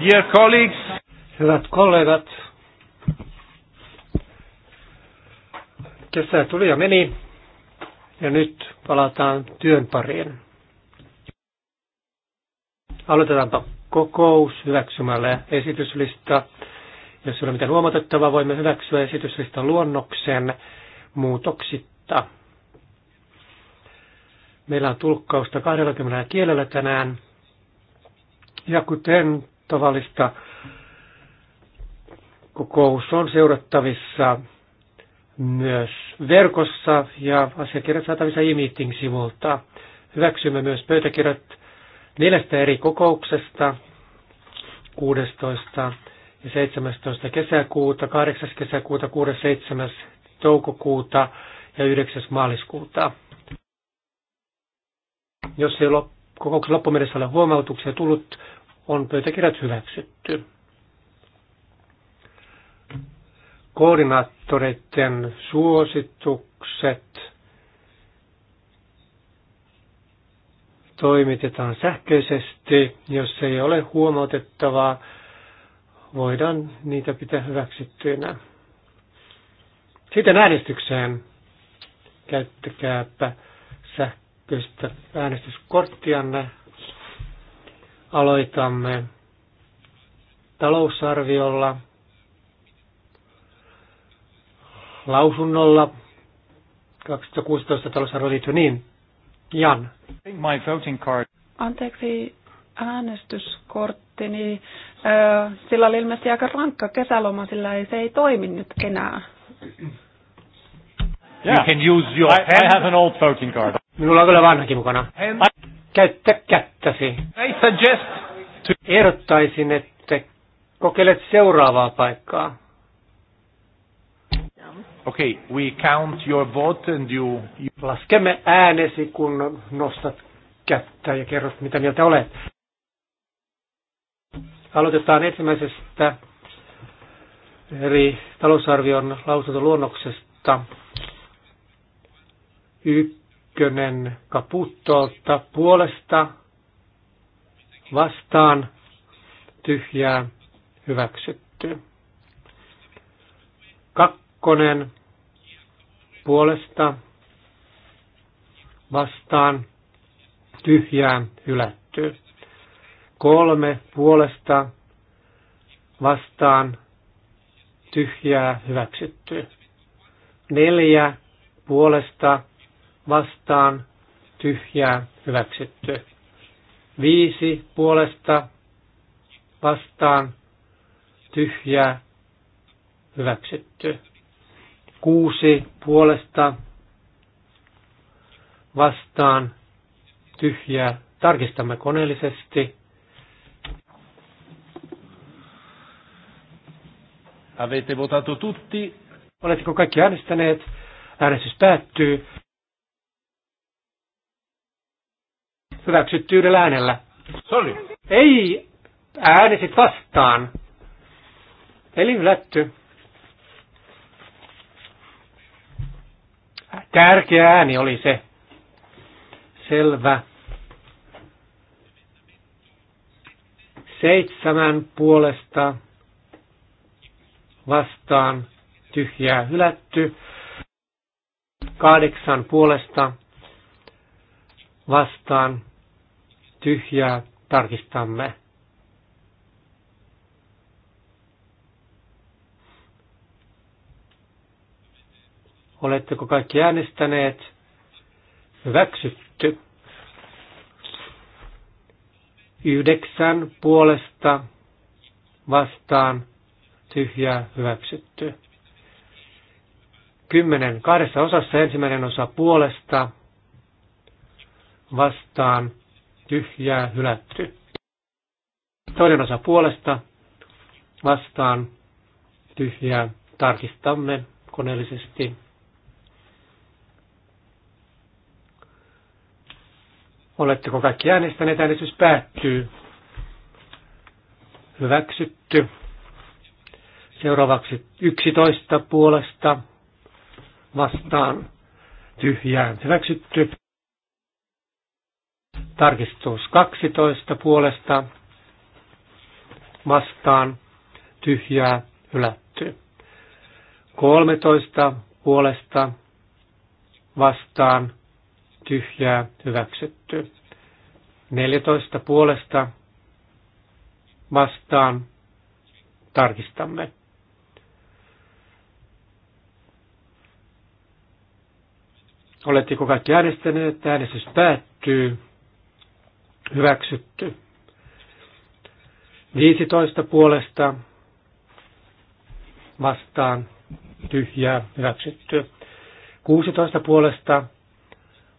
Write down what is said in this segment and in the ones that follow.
Dear colleagues, hyvät kollegat, kesä tuli ja meni ja nyt palataan työn pariin. Aloitetaanpa kokous hyväksymällä esityslista. Jos ei ole mitään huomatettavaa, voimme hyväksyä esityslistan luonnoksen muutoksitta. Meillä on tulkkausta 20 kielellä tänään. Ja kuten tavallista, kokous on seurattavissa myös verkossa ja asiakirjat saatavissa e-meeting-sivulta. Hyväksymme myös pöytäkirjat neljästä eri kokouksesta 16 ja 17. kesäkuuta, 8. kesäkuuta, 6. 7. toukokuuta ja 9. maaliskuuta. Jos ei lop, kokouksen loppumennessä ole huomautuksia tullut, on pöytäkirjat hyväksytty. Koordinaattoreiden suositukset toimitetaan sähköisesti. Jos ei ole huomautettavaa, voidaan niitä pitää hyväksyttyinä. Sitten äänestykseen. Käyttäkääpä sähköistä äänestyskorttianne. Aloitamme talousarviolla, lausunnolla 2016 talousarvio liittyy niin. Jan. My voting card. Anteeksi, äänestyskortti, niin öö, sillä oli ilmeisesti aika rankka kesäloma, sillä ei, se ei toimi nyt enää. Yeah. You can use your I, I have an old voting card. Minulla on kyllä vanhakin mukana. Käyttä kättäsi. I suggest to... Ehdottaisin, että kokeilet seuraavaa paikkaa. Okay, we count your vote and you, you... Laskemme äänesi, kun nostat kättä ja kerrot, mitä mieltä olet. Aloitetaan ensimmäisestä eri talousarvion lausuntoluonnoksesta. Yksi ykkönen kaputtolta puolesta vastaan tyhjää hyväksytty. Kakkonen puolesta vastaan tyhjää hylätty. Kolme puolesta vastaan tyhjää hyväksytty. Neljä puolesta vastaan tyhjää hyväksytty. Viisi puolesta vastaan tyhjää hyväksytty. Kuusi puolesta vastaan tyhjää. Tarkistamme koneellisesti. Avete votato tutti. Oletteko kaikki äänestäneet? Äänestys päättyy. Hyväksytty yhdellä äänellä. Sorry. Ei, äänesit vastaan. Eli hylätty. Tärkeä ääni oli se. Selvä. Seitsemän puolesta vastaan tyhjää hylätty. Kahdeksan puolesta vastaan tyhjää tarkistamme. Oletteko kaikki äänestäneet? Hyväksytty. Yhdeksän puolesta vastaan tyhjää hyväksytty. Kymmenen kahdessa osassa ensimmäinen osa puolesta vastaan tyhjää, hylätty. Toinen osa puolesta, vastaan, tyhjää, tarkistamme koneellisesti. Oletteko kaikki äänestäneet? Äänestys päättyy. Hyväksytty. Seuraavaksi 11 puolesta vastaan tyhjään. Hyväksytty. Tarkistus 12 puolesta vastaan tyhjää hylätty. 13 puolesta vastaan tyhjää hyväksytty. 14 puolesta vastaan tarkistamme. Oletteko kaikki äänestäneet? Äänestys päättyy hyväksytty. 15 puolesta vastaan tyhjää hyväksytty. 16 puolesta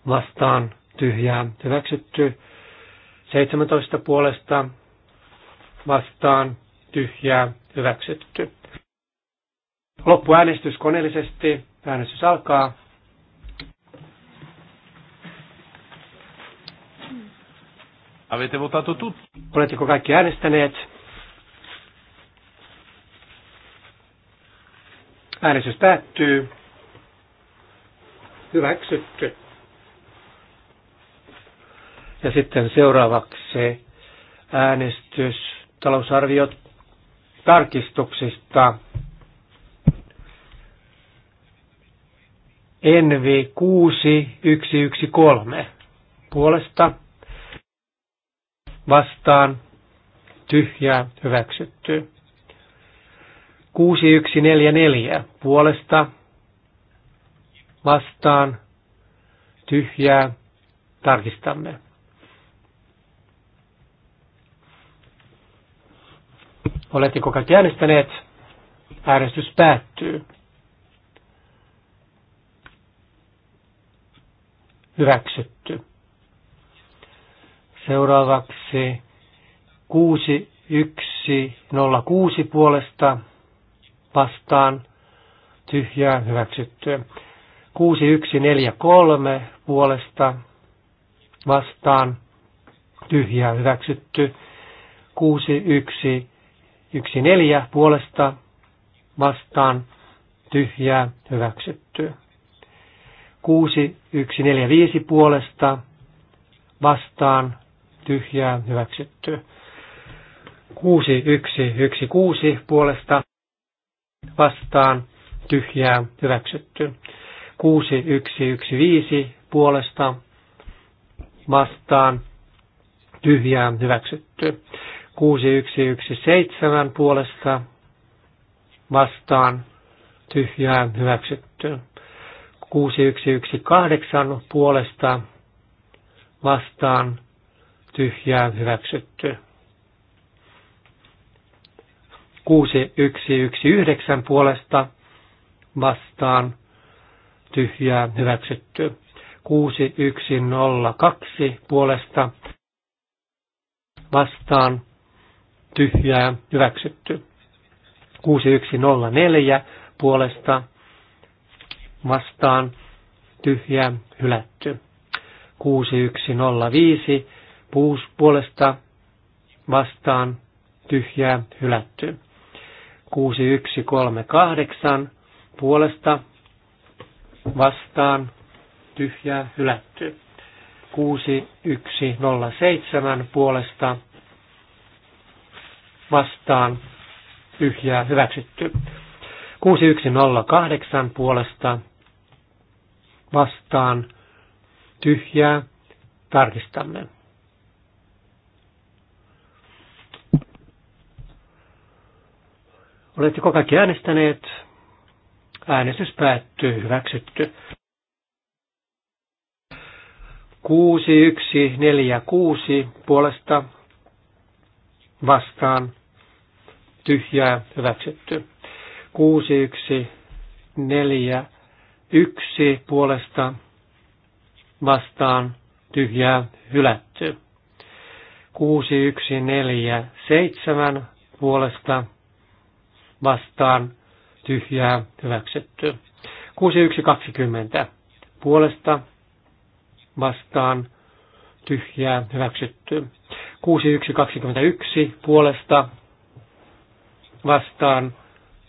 vastaan tyhjää hyväksytty. 17 puolesta vastaan tyhjää hyväksytty. Loppuäänestys koneellisesti. Äänestys alkaa. Avete votato tutti? Oletteko kaikki äänestäneet? Äänestys päättyy. Hyväksytty. Ja sitten seuraavaksi äänestys talousarviot tarkistuksista. NV6113 puolesta vastaan tyhjää hyväksytty. 6144 puolesta vastaan tyhjää tarkistamme. Oletteko kaikki äänestäneet? Äänestys päättyy. Hyväksytty. Seuraavaksi 6106 puolesta vastaan tyhjää hyväksytty. 6143 puolesta vastaan tyhjää hyväksytty. 6114 puolesta vastaan tyhjää hyväksytty. 6145 puolesta vastaan tyhjää hyväksytty. 6116 puolesta vastaan tyhjää hyväksytty. 6115 puolesta vastaan tyhjää hyväksytty. 6117 puolesta vastaan tyhjää hyväksytty. 6118 puolesta vastaan tyhjää hyväksytty. 6119 puolesta vastaan tyhjää hyväksytty. 6102 puolesta vastaan tyhjää hyväksytty. 6104 puolesta vastaan tyhjää hylätty. 6105 Puus puolesta vastaan tyhjää hylätty. 6138 puolesta vastaan tyhjää hylätty. 6107 puolesta vastaan tyhjää hyväksytty. 6108 puolesta vastaan tyhjää tarkistamme. Oletteko kaikki äänestäneet? Äänestys päättyy. Hyväksytty. 6146 puolesta vastaan tyhjää hyväksytty. 6141 puolesta vastaan tyhjää hylätty. 6147 puolesta vastaan tyhjää hyväksytty. 6120 puolesta vastaan tyhjää hyväksytty. 6121 puolesta vastaan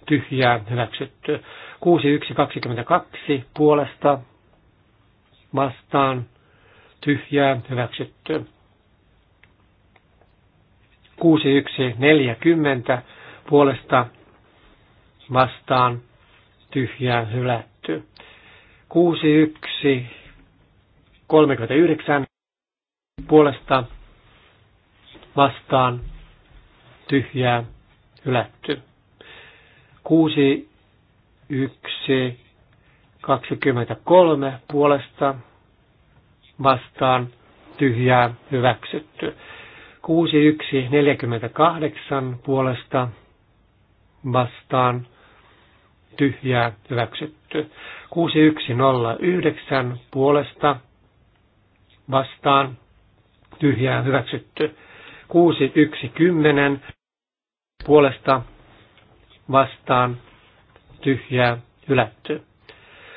tyhjää hyväksytty. 6122 puolesta vastaan tyhjää hyväksytty. 6140 puolesta vastaan tyhjää hylätty. 61 39 puolesta vastaan tyhjää hylätty. 6 1 23 puolesta vastaan tyhjää hyväksytty. 61 48 puolesta vastaan tyhjää hyväksytty. 6109 puolesta vastaan tyhjää hyväksytty. 6110 puolesta vastaan tyhjää hylätty.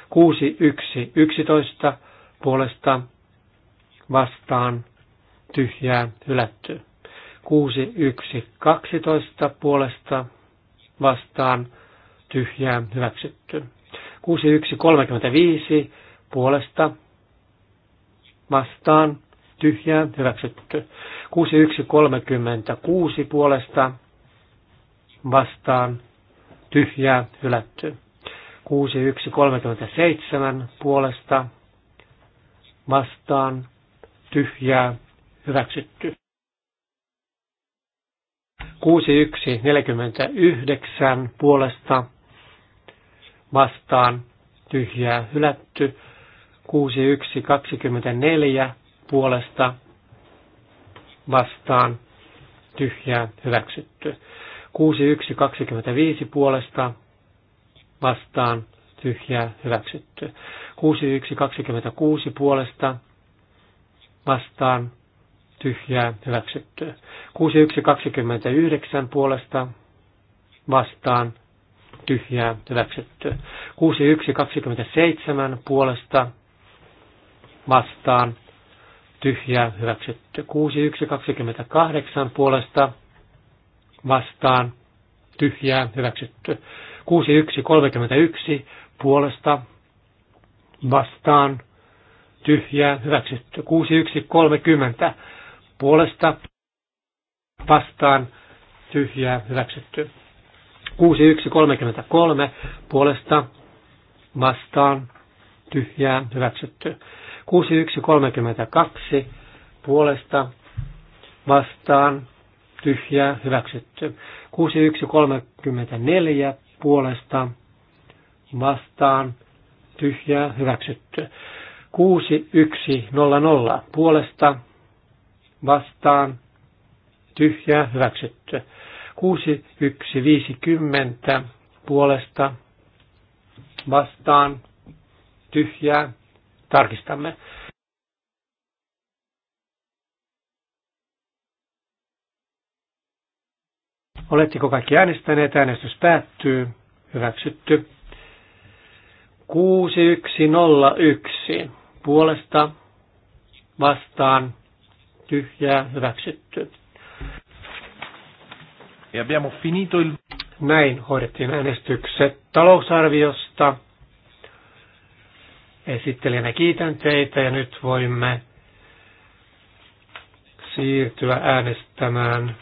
6111 puolesta vastaan tyhjää hylätty. 6112 puolesta vastaan tyhjää hyväksytty. 6135 puolesta vastaan tyhjää hyväksytty. 6136 puolesta vastaan tyhjää hylätty. 6137 puolesta vastaan tyhjää hyväksytty. 6149 puolesta vastaan tyhjää hylätty. 6124 puolesta vastaan tyhjää hyväksytty. 6125 puolesta vastaan tyhjää hyväksytty. 6126 puolesta vastaan tyhjää hyväksytty. 6129 puolesta vastaan tyhjää hyväksytty. 6127 puolesta vastaan tyhjää hyväksytty. 6128 puolesta vastaan tyhjää hyväksytty. 6131 puolesta vastaan tyhjää hyväksytty. 6130 puolesta vastaan tyhjää hyväksytty. 6133 puolesta vastaan tyhjää hyväksytty. 6132 puolesta vastaan tyhjää hyväksytty. 6134 puolesta vastaan tyhjää hyväksytty. 6100 puolesta vastaan tyhjää hyväksytty. 6150 puolesta vastaan tyhjää. Tarkistamme. Oletteko kaikki äänestäneet? Äänestys päättyy. Hyväksytty. 6101 puolesta vastaan tyhjää hyväksytty. Ja abbiamo finito il... Näin hoidettiin äänestykset talousarviosta. Esittelijänä kiitän teitä ja nyt voimme siirtyä äänestämään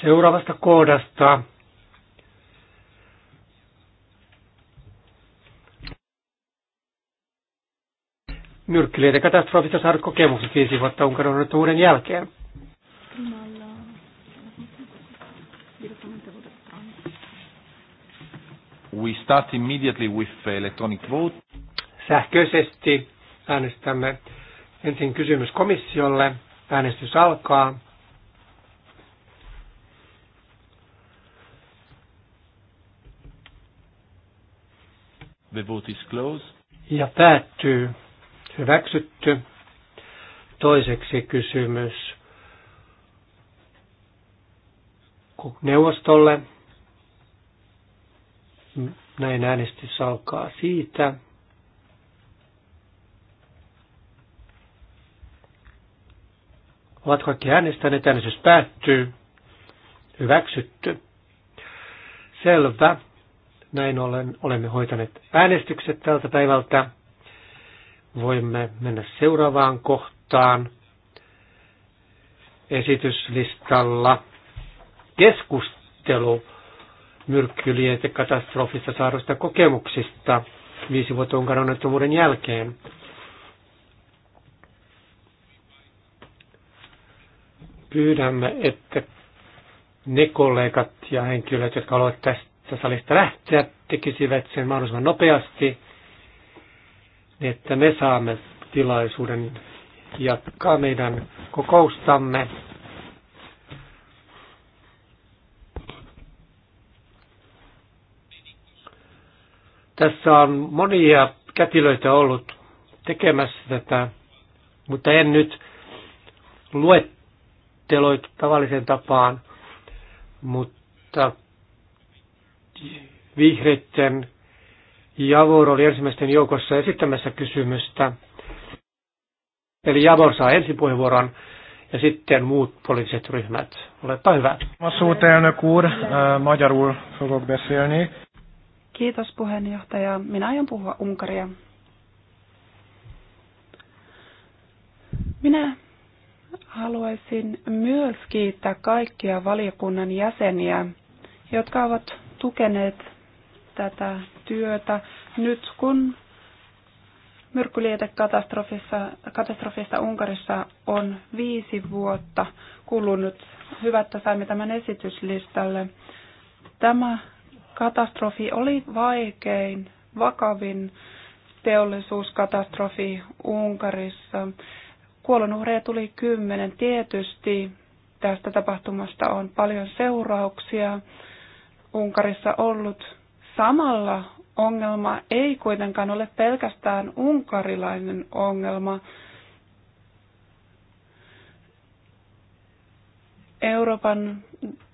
seuraavasta kohdasta. Nyrkkileitä katastrofista saadut kokemukset viisi vuotta Unkarin uuden jälkeen. We start immediately with uh, electronic vote. Sähköisesti äänestämme ensin kysymys komissiolle. Äänestys alkaa. The vote is closed. Ja päättyy. Hyväksytty. Toiseksi kysymys neuvostolle. Näin äänestys alkaa siitä. Ovat kaikki äänestäneet, äänestys päättyy. Hyväksytty. Selvä. Näin olen olemme hoitaneet äänestykset tältä päivältä. Voimme mennä seuraavaan kohtaan esityslistalla. Keskustelu katastrofissa saaduista kokemuksista viisi vuotta Unkarin jälkeen. Pyydämme, että ne kollegat ja henkilöt, jotka haluavat tästä salista lähteä, tekisivät sen mahdollisimman nopeasti, niin että me saamme tilaisuuden jatkaa meidän kokoustamme. Tässä on monia kätilöitä ollut tekemässä tätä, mutta en nyt luetteloitu tavallisen tapaan, mutta vihreitten Javor oli ensimmäisten joukossa esittämässä kysymystä. Eli Javor saa puheenvuoron ja sitten muut poliittiset ryhmät. Olepa hyvä. Mä suhteen kuur, eh, magyarul fogok beszélni. Kiitos puheenjohtaja. Minä aion puhua Unkaria. Minä haluaisin myös kiittää kaikkia valiokunnan jäseniä, jotka ovat tukeneet tätä työtä nyt kun myrkkylietekatastrofista Unkarissa on viisi vuotta kulunut. Hyvä, että saimme tämän esityslistalle. Tämä katastrofi oli vaikein, vakavin teollisuuskatastrofi Unkarissa. Kuolonuhreja tuli kymmenen. Tietysti tästä tapahtumasta on paljon seurauksia Unkarissa ollut. Samalla ongelma ei kuitenkaan ole pelkästään unkarilainen ongelma. Euroopan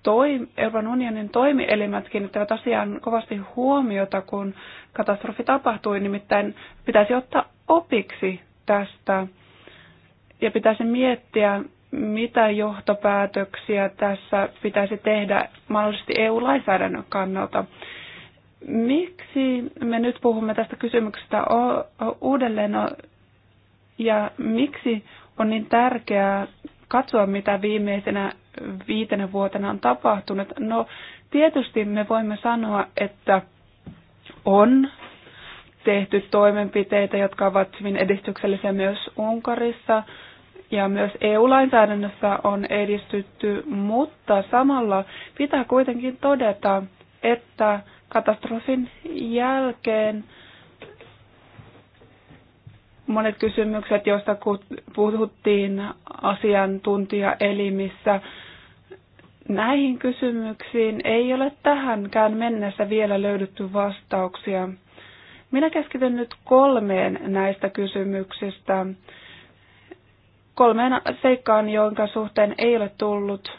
toi, Euroopan unionin toimielimet kiinnittävät asiaan kovasti huomiota, kun katastrofi tapahtui. Nimittäin pitäisi ottaa opiksi tästä ja pitäisi miettiä, mitä johtopäätöksiä tässä pitäisi tehdä mahdollisesti EU-lainsäädännön kannalta. Miksi me nyt puhumme tästä kysymyksestä uudelleen no, ja miksi on niin tärkeää katsoa, mitä viimeisenä viitenä vuotena on tapahtunut? No, tietysti me voimme sanoa, että on tehty toimenpiteitä, jotka ovat hyvin edistyksellisiä myös Unkarissa ja myös EU-lainsäädännössä on edistytty, mutta samalla pitää kuitenkin todeta, että katastrofin jälkeen monet kysymykset, joista puhuttiin asiantuntijaelimissä, näihin kysymyksiin ei ole tähänkään mennessä vielä löydetty vastauksia. Minä keskityn nyt kolmeen näistä kysymyksistä, kolmeen seikkaan, jonka suhteen ei ole tullut,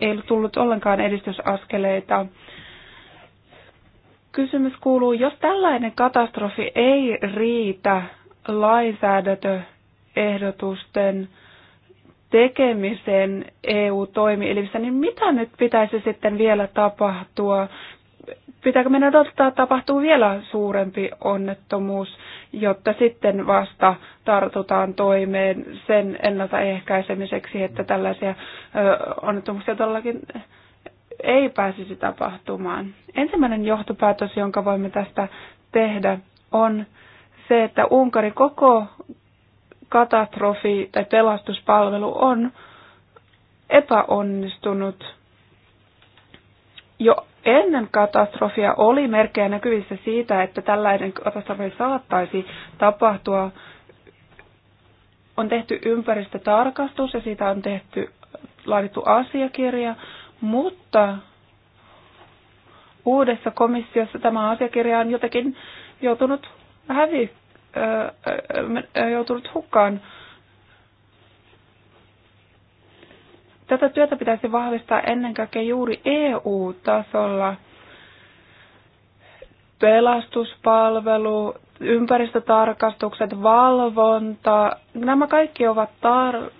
ei ole tullut ollenkaan edistysaskeleita kysymys kuuluu, jos tällainen katastrofi ei riitä lainsäädäntöehdotusten tekemisen EU-toimielimissä, niin mitä nyt pitäisi sitten vielä tapahtua? Pitääkö meidän odottaa, että tapahtuu vielä suurempi onnettomuus, jotta sitten vasta tartutaan toimeen sen ennaltaehkäisemiseksi, että tällaisia onnettomuuksia todellakin ei pääsisi tapahtumaan. Ensimmäinen johtopäätös, jonka voimme tästä tehdä, on se, että Unkarin koko katastrofi tai pelastuspalvelu on epäonnistunut. Jo ennen katastrofia oli merkkejä näkyvissä siitä, että tällainen katastrofi saattaisi tapahtua. On tehty ympäristötarkastus ja siitä on tehty laadittu asiakirja, mutta uudessa komissiossa tämä asiakirja on jotenkin joutunut, hävi, joutunut hukkaan. Tätä työtä pitäisi vahvistaa ennen kaikkea juuri EU-tasolla. Pelastuspalvelu, ympäristötarkastukset, valvonta, nämä kaikki ovat tar-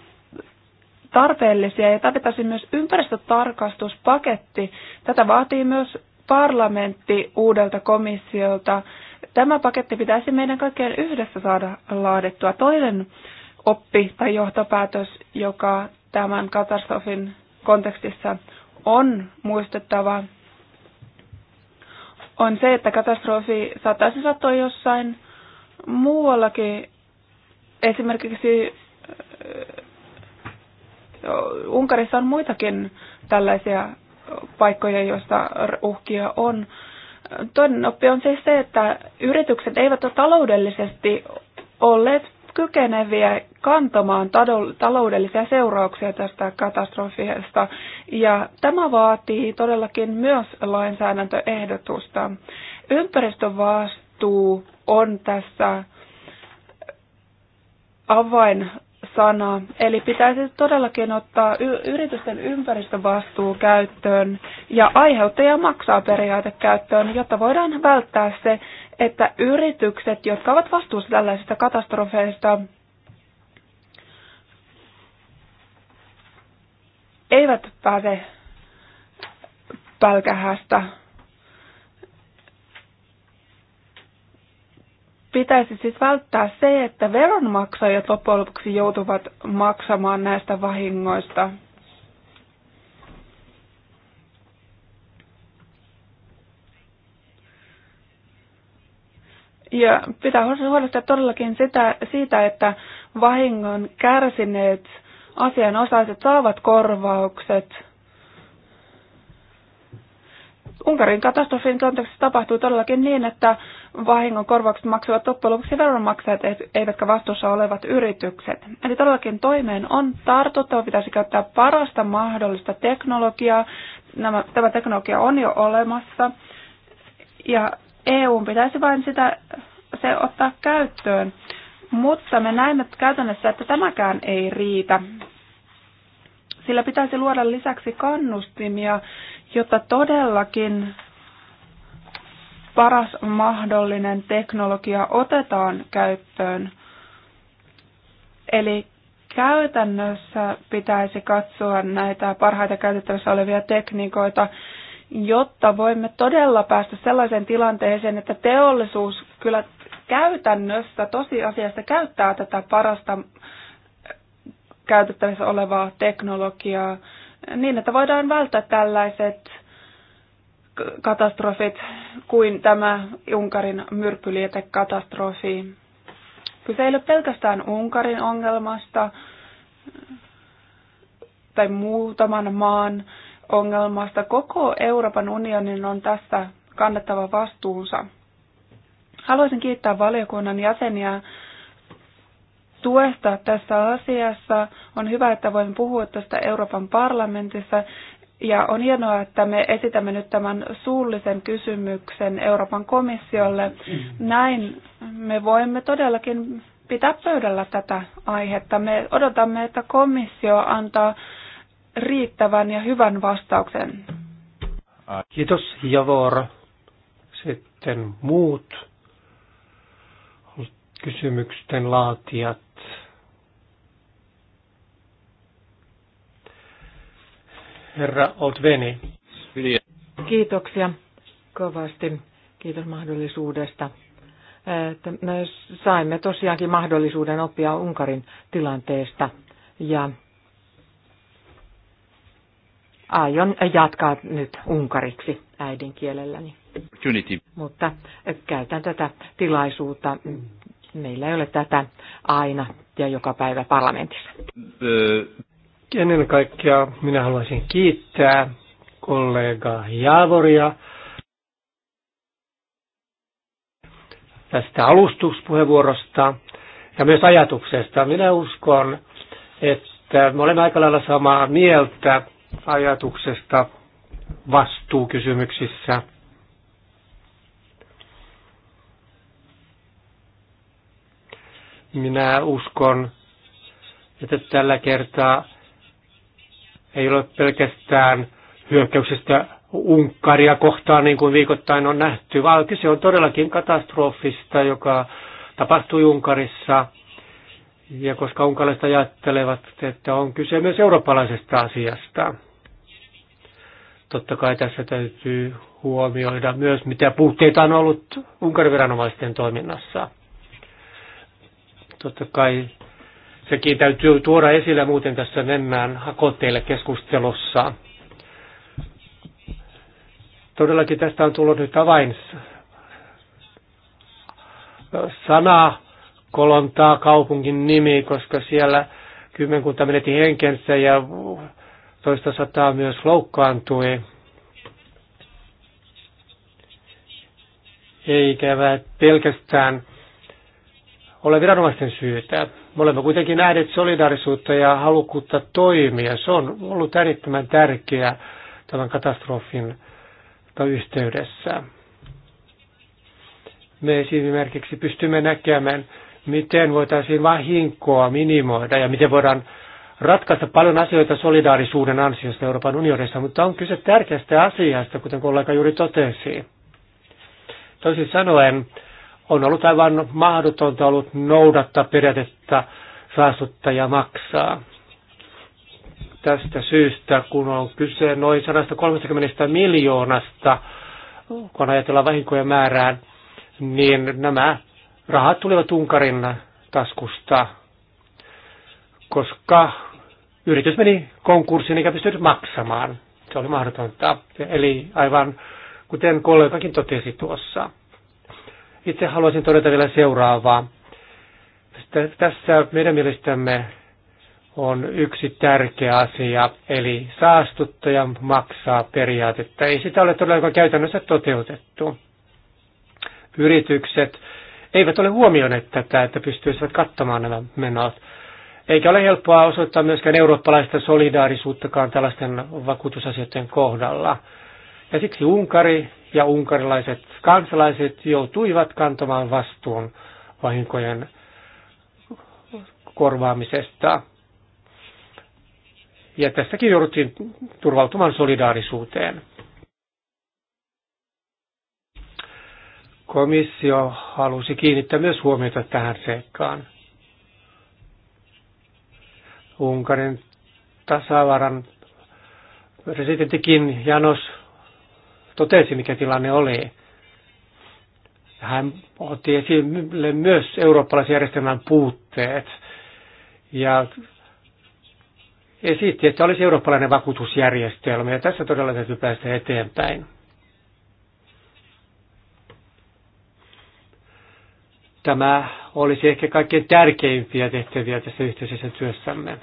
tarpeellisia ja tarvittaisiin myös ympäristötarkastuspaketti. Tätä vaatii myös parlamentti uudelta komissiolta. Tämä paketti pitäisi meidän kaikkien yhdessä saada laadittua. Toinen oppi tai johtopäätös, joka tämän katastrofin kontekstissa on muistettava, on se, että katastrofi saattaisi sattua jossain muuallakin, esimerkiksi Unkarissa on muitakin tällaisia paikkoja, joissa uhkia on. Toinen oppi on siis se, että yritykset eivät ole taloudellisesti olleet kykeneviä kantamaan taloudellisia seurauksia tästä katastrofiasta. Ja tämä vaatii todellakin myös lainsäädäntöehdotusta. Ympäristövastuu on tässä avain sana. Eli pitäisi todellakin ottaa y- yritysten ympäristövastuu käyttöön ja aiheuttaja maksaa periaate käyttöön, jotta voidaan välttää se, että yritykset, jotka ovat vastuussa tällaisista katastrofeista, eivät pääse pälkähästä pitäisi siis välttää se, että veronmaksajat loppujen lopuksi joutuvat maksamaan näistä vahingoista. Ja pitää huolestua todellakin sitä, siitä, että vahingon kärsineet asianosaiset saavat korvaukset – Unkarin katastrofin kontekstissa tapahtui todellakin niin, että vahingon korvaukset maksavat loppujen lopuksi veronmaksajat, eivätkä vastuussa olevat yritykset. Eli todellakin toimeen on tartuttava, pitäisi käyttää parasta mahdollista teknologiaa. Nämä, tämä teknologia on jo olemassa. Ja EU pitäisi vain sitä, se ottaa käyttöön. Mutta me näemme käytännössä, että tämäkään ei riitä. Sillä pitäisi luoda lisäksi kannustimia jotta todellakin paras mahdollinen teknologia otetaan käyttöön. Eli käytännössä pitäisi katsoa näitä parhaita käytettävissä olevia tekniikoita, jotta voimme todella päästä sellaiseen tilanteeseen, että teollisuus kyllä käytännössä tosiasiassa käyttää tätä parasta käytettävissä olevaa teknologiaa niin, että voidaan välttää tällaiset katastrofit kuin tämä Unkarin myrkkylietekatastrofi. Kyse ei ole pelkästään Unkarin ongelmasta tai muutaman maan ongelmasta. Koko Euroopan unionin on tässä kannettava vastuunsa. Haluaisin kiittää valiokunnan jäseniä tuesta tässä asiassa. On hyvä, että voin puhua tästä Euroopan parlamentissa. Ja on hienoa, että me esitämme nyt tämän suullisen kysymyksen Euroopan komissiolle. Näin me voimme todellakin pitää pöydällä tätä aihetta. Me odotamme, että komissio antaa riittävän ja hyvän vastauksen. Kiitos Javor. Sitten muut kysymysten laatijat. herra Oltveni. Kiitoksia kovasti. Kiitos mahdollisuudesta. Äh, että me saimme tosiaankin mahdollisuuden oppia Unkarin tilanteesta ja aion jatkaa nyt unkariksi äidinkielelläni. Unity. Mutta käytän tätä tilaisuutta. Meillä ei ole tätä aina ja joka päivä parlamentissa. Äh, Ennen kaikkea minä haluaisin kiittää kollega Jaavoria tästä alustuspuheenvuorosta ja myös ajatuksesta. Minä uskon, että me olemme aika lailla samaa mieltä ajatuksesta vastuukysymyksissä. Minä uskon, että tällä kertaa ei ole pelkästään hyökkäyksestä Unkaria kohtaan, niin kuin viikoittain on nähty, vaan kyse on todellakin katastrofista, joka tapahtui Unkarissa. Ja koska unkalaiset ajattelevat, että on kyse myös eurooppalaisesta asiasta. Totta kai tässä täytyy huomioida myös, mitä puutteita on ollut Unkarin viranomaisten toiminnassa. Totta kai Sekin täytyy tuoda esille, muuten tässä Nemmään hakotteille keskustelussa. Todellakin tästä on tullut nyt avain sana kolontaa kaupungin nimi, koska siellä kymmenkunta menetti henkensä ja toista sataa myös loukkaantui. Eikä pelkästään ole viranomaisten syytä. Me olemme kuitenkin nähneet solidaarisuutta ja halukkuutta toimia. Se on ollut äärettömän tärkeää tämän katastrofin yhteydessä. Me esimerkiksi pystymme näkemään, miten voitaisiin vahinkoa minimoida ja miten voidaan ratkaista paljon asioita solidaarisuuden ansiosta Euroopan unionissa, mutta on kyse tärkeästä asiasta, kuten kollega juuri totesi. Toisin sanoen, on ollut aivan mahdotonta ollut noudattaa periaatetta saastuttaja maksaa. Tästä syystä, kun on kyse noin 130 miljoonasta, kun ajatellaan vahinkoja määrään, niin nämä rahat tulivat Unkarin taskusta, koska yritys meni konkurssiin eikä pystynyt maksamaan. Se oli mahdotonta. Eli aivan kuten kollegakin totesi tuossa. Itse haluaisin todeta vielä seuraavaa. Tässä meidän mielestämme on yksi tärkeä asia, eli saastuttaja maksaa periaatetta. Ei sitä ole todellakaan käytännössä toteutettu. Yritykset eivät ole huomioineet tätä, että pystyisivät kattamaan nämä menot. Eikä ole helppoa osoittaa myöskään eurooppalaista solidaarisuuttakaan tällaisten vakuutusasioiden kohdalla. Ja siksi Unkari ja unkarilaiset kansalaiset joutuivat kantamaan vastuun vahinkojen korvaamisesta. Ja tässäkin jouduttiin turvautumaan solidaarisuuteen. Komissio halusi kiinnittää myös huomiota tähän seikkaan. Unkarin tasavaran presidenttikin Janos totesi, mikä tilanne oli. Hän otti esille myös eurooppalaisen järjestelmän puutteet ja esitti, että olisi eurooppalainen vakuutusjärjestelmä ja tässä todella täytyy päästä eteenpäin. Tämä olisi ehkä kaikkein tärkeimpiä tehtäviä tässä yhteisessä työssämme.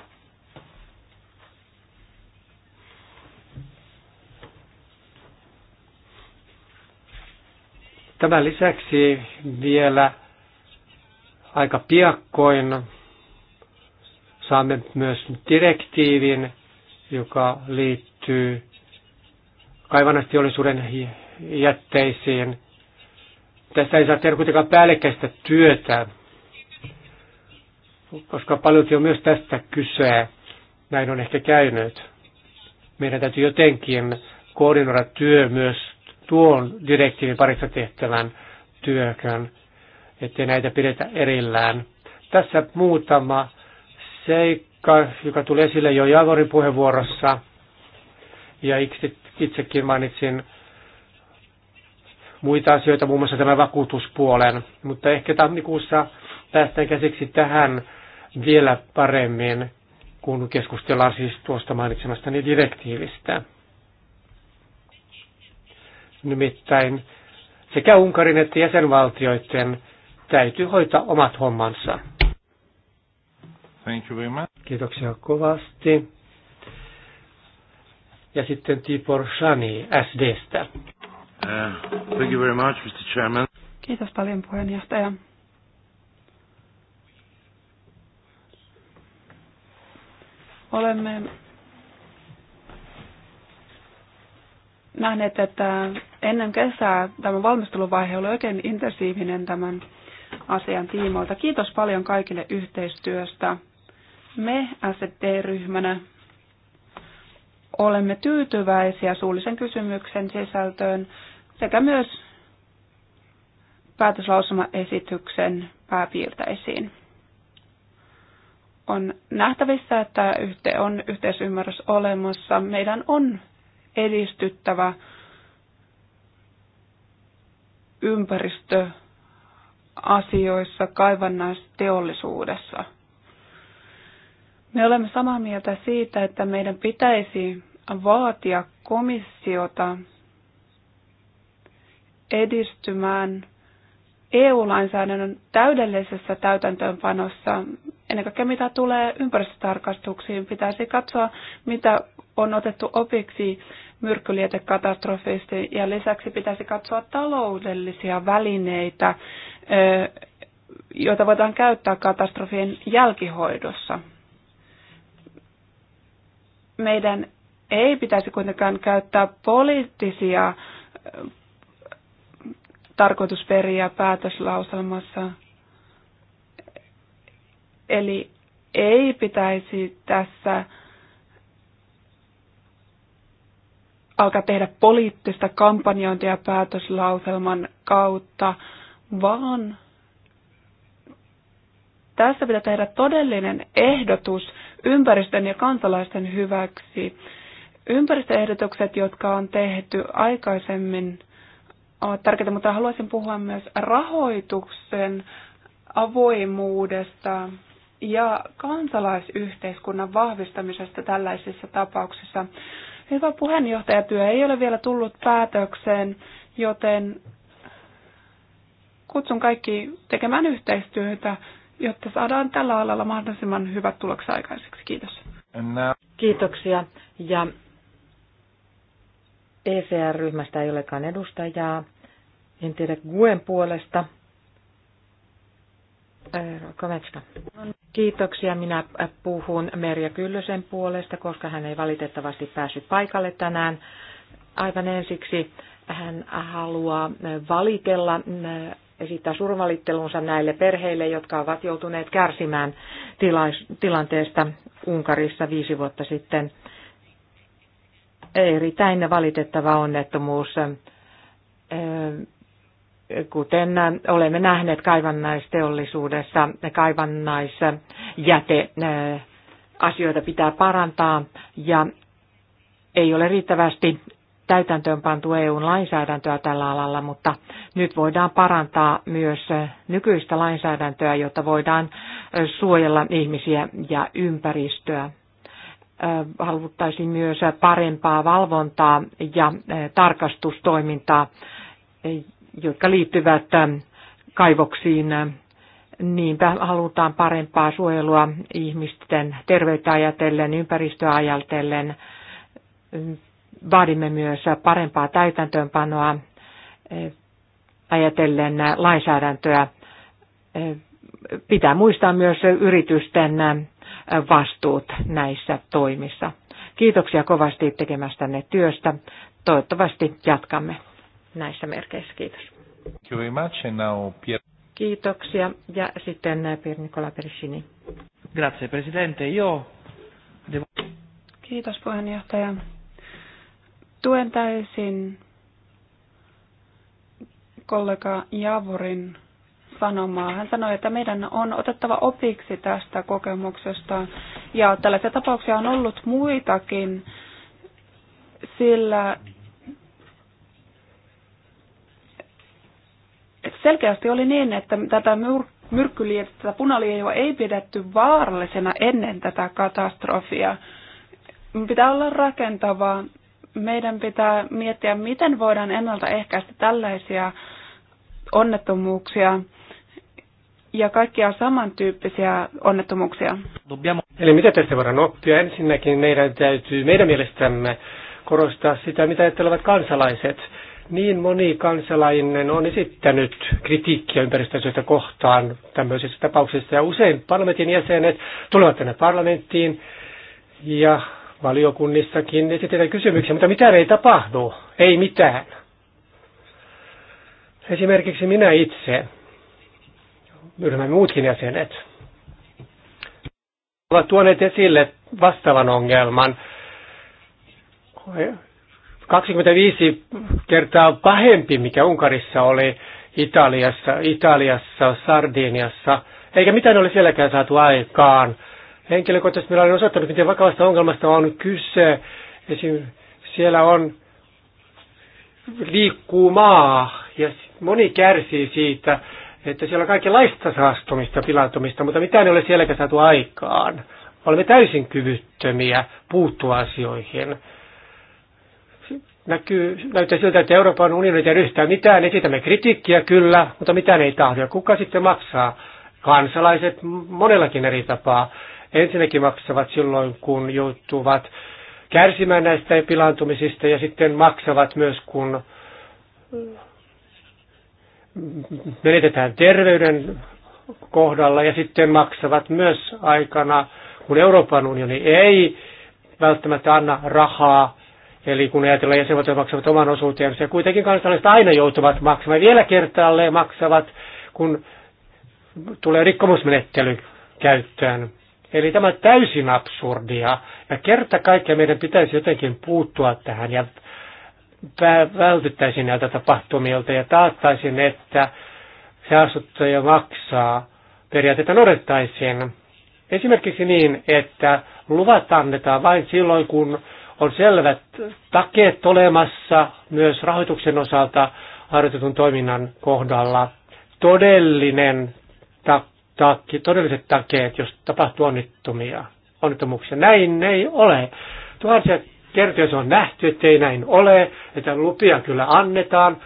Tämän lisäksi vielä aika piakkoin saamme myös direktiivin, joka liittyy kaivannaisteollisuuden jätteisiin. Tästä ei saa tehdä kuitenkaan päällekkäistä työtä, koska paljon on myös tästä kyse. Näin on ehkä käynyt. Meidän täytyy jotenkin koordinoida työ myös tuon direktiivin parissa tehtävän työkön, ettei näitä pidetä erillään. Tässä muutama seikka, joka tuli esille jo Javorin puheenvuorossa, ja itsekin mainitsin muita asioita, muun muassa tämän vakuutuspuolen, mutta ehkä tammikuussa päästään käsiksi tähän vielä paremmin, kun keskustellaan siis tuosta mainitsemastani direktiivistä. Nimittäin sekä Unkarin että jäsenvaltioiden täytyy hoitaa omat hommansa. Thank you very much. Kiitoksia kovasti. Ja sitten Tibor Shani SDstä. Uh, thank you very much, Mr. Chairman. Kiitos paljon puheenjohtaja. Olemme nähneet, että ennen kesää tämä valmisteluvaihe oli oikein intensiivinen tämän asian tiimoilta. Kiitos paljon kaikille yhteistyöstä. Me SD-ryhmänä olemme tyytyväisiä suullisen kysymyksen sisältöön sekä myös päätöslausumaesityksen pääpiirteisiin. On nähtävissä, että on yhteisymmärrys olemassa. Meidän on edistyttävä ympäristöasioissa kaivannaisteollisuudessa. Me olemme samaa mieltä siitä, että meidän pitäisi vaatia komissiota edistymään EU-lainsäädännön täydellisessä täytäntöönpanossa. Ennen kaikkea mitä tulee ympäristötarkastuksiin, pitäisi katsoa, mitä on otettu opiksi myrkkylietekatastrofeista ja lisäksi pitäisi katsoa taloudellisia välineitä, joita voidaan käyttää katastrofien jälkihoidossa. Meidän ei pitäisi kuitenkaan käyttää poliittisia tarkoitusperiä päätöslauselmassa. Eli ei pitäisi tässä alkaa tehdä poliittista kampanjointia päätöslauselman kautta, vaan tässä pitää tehdä todellinen ehdotus ympäristön ja kansalaisten hyväksi. Ympäristöehdotukset, jotka on tehty aikaisemmin, ovat tärkeitä, mutta haluaisin puhua myös rahoituksen avoimuudesta ja kansalaisyhteiskunnan vahvistamisesta tällaisissa tapauksissa. Hyvä puheenjohtajatyö ei ole vielä tullut päätökseen, joten kutsun kaikki tekemään yhteistyötä, jotta saadaan tällä alalla mahdollisimman hyvät tulokset aikaiseksi. Kiitos. Kiitoksia. Ja ECR-ryhmästä ei olekaan edustajaa. En tiedä Guen puolesta. Kovetska. Kiitoksia. Minä äh, puhun Merja Kyllösen puolesta, koska hän ei valitettavasti päässyt paikalle tänään. Aivan ensiksi hän haluaa äh, valitella, äh, esittää survalittelunsa näille perheille, jotka ovat joutuneet kärsimään tilanteesta Unkarissa viisi vuotta sitten. Erittäin valitettava onnettomuus kuten olemme nähneet kaivannaisteollisuudessa, kaivannaisjäte asioita pitää parantaa ja ei ole riittävästi täytäntöön pantu EUn lainsäädäntöä tällä alalla, mutta nyt voidaan parantaa myös nykyistä lainsäädäntöä, jotta voidaan suojella ihmisiä ja ympäristöä. Haluttaisiin myös parempaa valvontaa ja tarkastustoimintaa jotka liittyvät ähm, kaivoksiin. Niinpä halutaan parempaa suojelua ihmisten terveyttä ajatellen, ympäristöä ajatellen. Vaadimme myös parempaa täytäntöönpanoa eh, ajatellen lainsäädäntöä. Eh, pitää muistaa myös yritysten eh, vastuut näissä toimissa. Kiitoksia kovasti tekemästänne työstä. Toivottavasti jatkamme näissä merkeissä. Kiitos. Kiitoksia. Ja sitten eh, Pier Nicola Perissini. Grazie, Presidente. Io... Devo... Kiitos, puheenjohtaja. Tuen täysin kollega Javorin sanomaa. Hän sanoi, että meidän on otettava opiksi tästä kokemuksesta. Ja tällaisia tapauksia on ollut muitakin, sillä selkeästi oli niin, että tätä myrkkyliettä, tätä punaliejua ei pidetty vaarallisena ennen tätä katastrofia. Pitää olla rakentavaa. Meidän pitää miettiä, miten voidaan ennaltaehkäistä tällaisia onnettomuuksia ja kaikkia samantyyppisiä onnettomuuksia. Eli mitä tästä voidaan oppia? Ensinnäkin meidän täytyy meidän mielestämme korostaa sitä, mitä ajattelevat kansalaiset niin moni kansalainen on esittänyt kritiikkiä ympäristöasioita kohtaan tämmöisissä tapauksissa. Ja usein parlamentin jäsenet tulevat tänne parlamenttiin ja valiokunnissakin esitetään kysymyksiä, mutta mitään ei tapahdu. Ei mitään. Esimerkiksi minä itse, ryhmän muutkin jäsenet, ovat tuoneet esille vastaavan ongelman 25 kertaa pahempi, mikä Unkarissa oli Italiassa, Italiassa, Sardiniassa, eikä mitään ole sielläkään saatu aikaan. Henkilökohtaisesti meillä on osoittanut, miten vakavasta ongelmasta on kyse. Esim. siellä on liikkuu maa ja moni kärsii siitä, että siellä on kaikenlaista saastumista, pilantumista, mutta mitään ei ole sielläkään saatu aikaan. Olemme täysin kyvyttömiä puuttua asioihin näkyy, näyttää siltä, että Euroopan unioni ei ryhtää mitään. Esitämme kritiikkiä kyllä, mutta mitään ei tahdo. Kuka sitten maksaa? Kansalaiset monellakin eri tapaa. Ensinnäkin maksavat silloin, kun joutuvat kärsimään näistä pilaantumisista ja sitten maksavat myös, kun menetetään terveyden kohdalla ja sitten maksavat myös aikana, kun Euroopan unioni ei välttämättä anna rahaa Eli kun ajatellaan jäsenvaltiot maksavat oman osuutensa, ja niin kuitenkin kansalaiset aina joutuvat maksamaan, vielä kertaalleen maksavat, kun tulee rikkomusmenettely käyttöön. Eli tämä on täysin absurdia, ja kerta kaikkiaan meidän pitäisi jotenkin puuttua tähän, ja vältyttäisiin näiltä tapahtumilta, ja taattaisiin, että asuttaja maksaa periaatteita noudattaisiin. Esimerkiksi niin, että luvat annetaan vain silloin, kun on selvät takeet olemassa myös rahoituksen osalta harjoitetun toiminnan kohdalla. Todellinen ta- takki, todelliset takeet, jos tapahtuu onnittomia, onnittomuuksia. Näin ei ole. Tuhansia kertoja se on nähty, että ei näin ole, että lupia kyllä annetaan,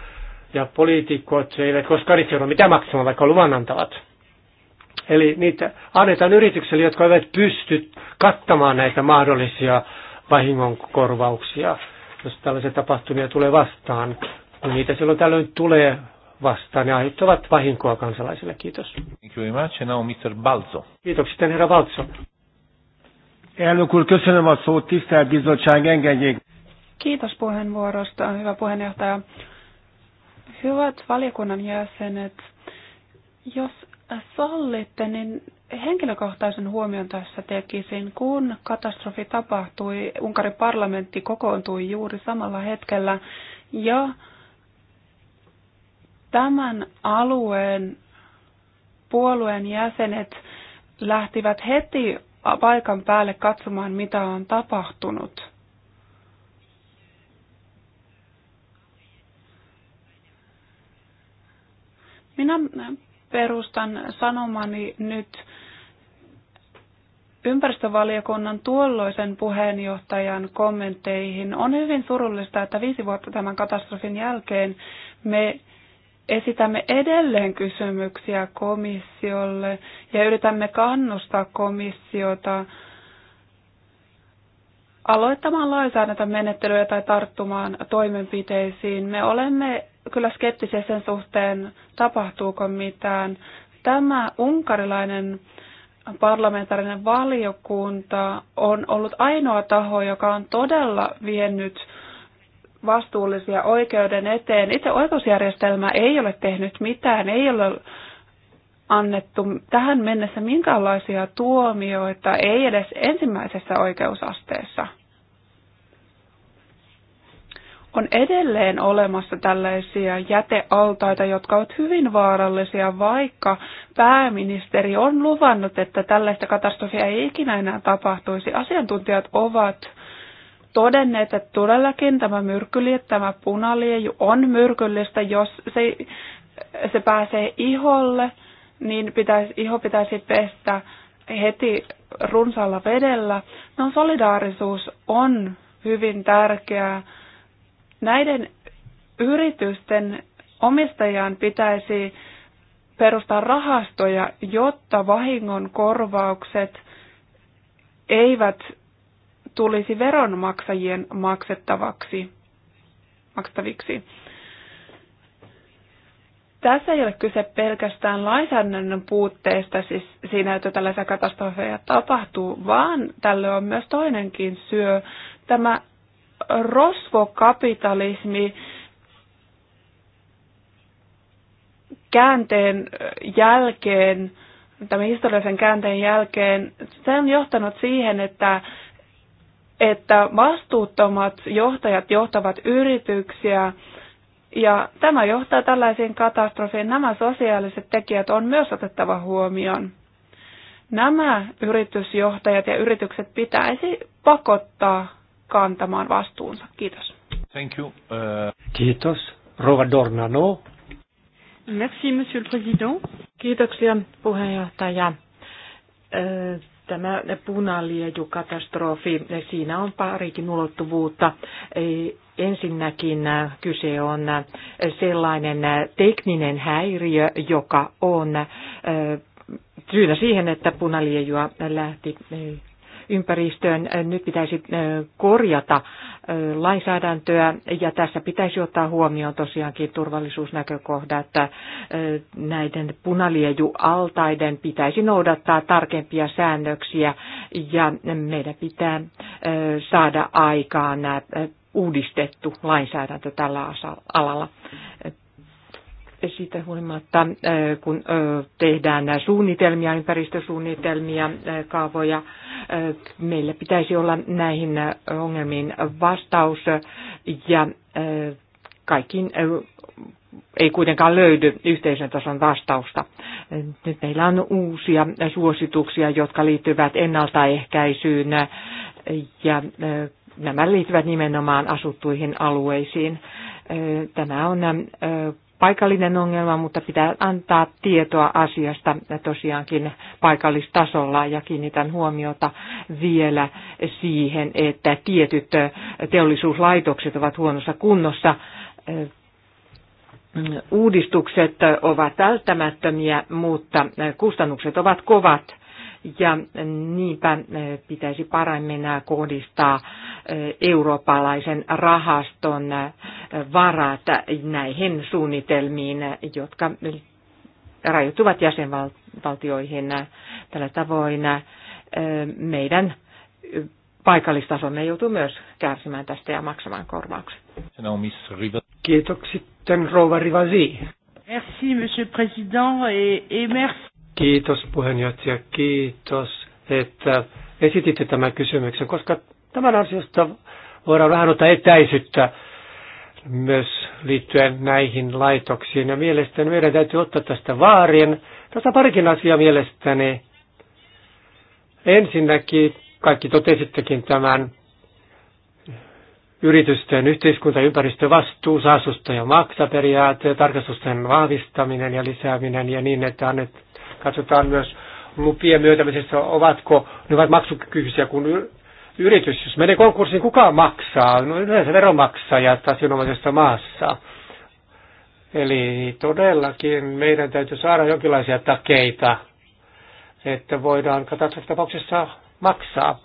ja poliitikot eivät koskaan itse ole mitään maksamaan, vaikka luvan antavat. Eli niitä annetaan yritykselle, jotka eivät pysty kattamaan näitä mahdollisia vahingonkorvauksia, jos tällaisia tapahtumia tulee vastaan, kun niitä silloin tällöin tulee vastaan ne aiheuttavat vahinkoa kansalaisille. Kiitos. Thank you very much. Now Mr. Balzo. Kiitoksia, sitten herra Balzo. Kiitos puheenvuorosta, hyvä puheenjohtaja. Hyvät valiokunnan jäsenet, jos sallitte, niin henkilökohtaisen huomion tässä tekisin, kun katastrofi tapahtui, Unkarin parlamentti kokoontui juuri samalla hetkellä ja tämän alueen puolueen jäsenet lähtivät heti paikan päälle katsomaan, mitä on tapahtunut. Minä perustan sanomani nyt ympäristövaliokunnan tuolloisen puheenjohtajan kommentteihin. On hyvin surullista, että viisi vuotta tämän katastrofin jälkeen me esitämme edelleen kysymyksiä komissiolle ja yritämme kannustaa komissiota aloittamaan lainsäädäntömenettelyä tai tarttumaan toimenpiteisiin. Me olemme kyllä skeptisiä sen suhteen, tapahtuuko mitään. Tämä unkarilainen parlamentaarinen valiokunta on ollut ainoa taho, joka on todella viennyt vastuullisia oikeuden eteen. Itse oikeusjärjestelmä ei ole tehnyt mitään, ei ole annettu tähän mennessä minkäänlaisia tuomioita, ei edes ensimmäisessä oikeusasteessa on edelleen olemassa tällaisia jätealtaita, jotka ovat hyvin vaarallisia, vaikka pääministeri on luvannut, että tällaista katastrofia ei ikinä enää tapahtuisi. Asiantuntijat ovat todenneet, että todellakin tämä myrkkylie, tämä punalieju on myrkyllistä, jos se, se pääsee iholle, niin pitäisi, iho pitäisi pestä heti runsaalla vedellä. No solidaarisuus on hyvin tärkeää Näiden yritysten omistajan pitäisi perustaa rahastoja, jotta vahingon korvaukset eivät tulisi veronmaksajien maksettavaksi, maksettaviksi. Tässä ei ole kyse pelkästään lainsäädännön puutteesta siis siinä, että tällaisia katastrofeja tapahtuu, vaan tälle on myös toinenkin syö. Tämä rosvokapitalismi käänteen jälkeen, tämän historiallisen käänteen jälkeen, se on johtanut siihen, että, että vastuuttomat johtajat johtavat yrityksiä, ja tämä johtaa tällaisiin katastrofiin. Nämä sosiaaliset tekijät on myös otettava huomioon. Nämä yritysjohtajat ja yritykset pitäisi pakottaa kantamaan vastuunsa. Kiitos. Thank you. Uh... Kiitos. Rova Dornano. Merci, monsieur le président. Kiitoksia, puheenjohtaja. Tämä punaliejukatastrofi, siinä on parikin ulottuvuutta. Ensinnäkin kyse on sellainen tekninen häiriö, joka on syynä siihen, että punaliejua lähti ympäristöön. Nyt pitäisi korjata lainsäädäntöä ja tässä pitäisi ottaa huomioon tosiaankin että Näiden punaliejualtaiden pitäisi noudattaa tarkempia säännöksiä ja meidän pitää saada aikaan uudistettu lainsäädäntö tällä alalla siitä huolimatta, kun tehdään suunnitelmia, ympäristösuunnitelmia, kaavoja, meillä pitäisi olla näihin ongelmiin vastaus ja kaikkiin ei kuitenkaan löydy yhteisen tason vastausta. Nyt meillä on uusia suosituksia, jotka liittyvät ennaltaehkäisyyn ja nämä liittyvät nimenomaan asuttuihin alueisiin. Tämä on paikallinen ongelma, mutta pitää antaa tietoa asiasta tosiaankin paikallistasolla ja kiinnitän huomiota vielä siihen, että tietyt teollisuuslaitokset ovat huonossa kunnossa. Uudistukset ovat välttämättömiä, mutta kustannukset ovat kovat ja niinpä eh, pitäisi paremmin eh, kohdistaa eh, eurooppalaisen rahaston varat näihin suunnitelmiin, jotka rajoittuvat jäsenvaltioihin. Tällä tavoin meidän paikallistasomme joutuu myös kärsimään tästä ja maksamaan korvaukset. Kiitokset, rouva Rivasi. Merci, monsieur président, et, et merci Kiitos puheenjohtaja, kiitos, että esititte tämän kysymyksen, koska tämän asiasta voidaan vähän ottaa etäisyyttä myös liittyen näihin laitoksiin. Ja mielestäni meidän täytyy ottaa tästä vaarien. Tässä parikin asia mielestäni. Ensinnäkin, kaikki totesittekin tämän, yritysten yhteiskunta- ja ympäristövastuu, saastusta ja maksaperiaate, tarkastusten vahvistaminen ja lisääminen ja niin, että annet, katsotaan myös lupien myöntämisessä, ovatko ne ovat maksukykyisiä, kuin yritys, jos menee konkurssiin, kuka maksaa? No yleensä veronmaksajat asianomaisessa maassa. Eli todellakin meidän täytyy saada jonkinlaisia takeita, että voidaan katastrofitapauksessa maksaa.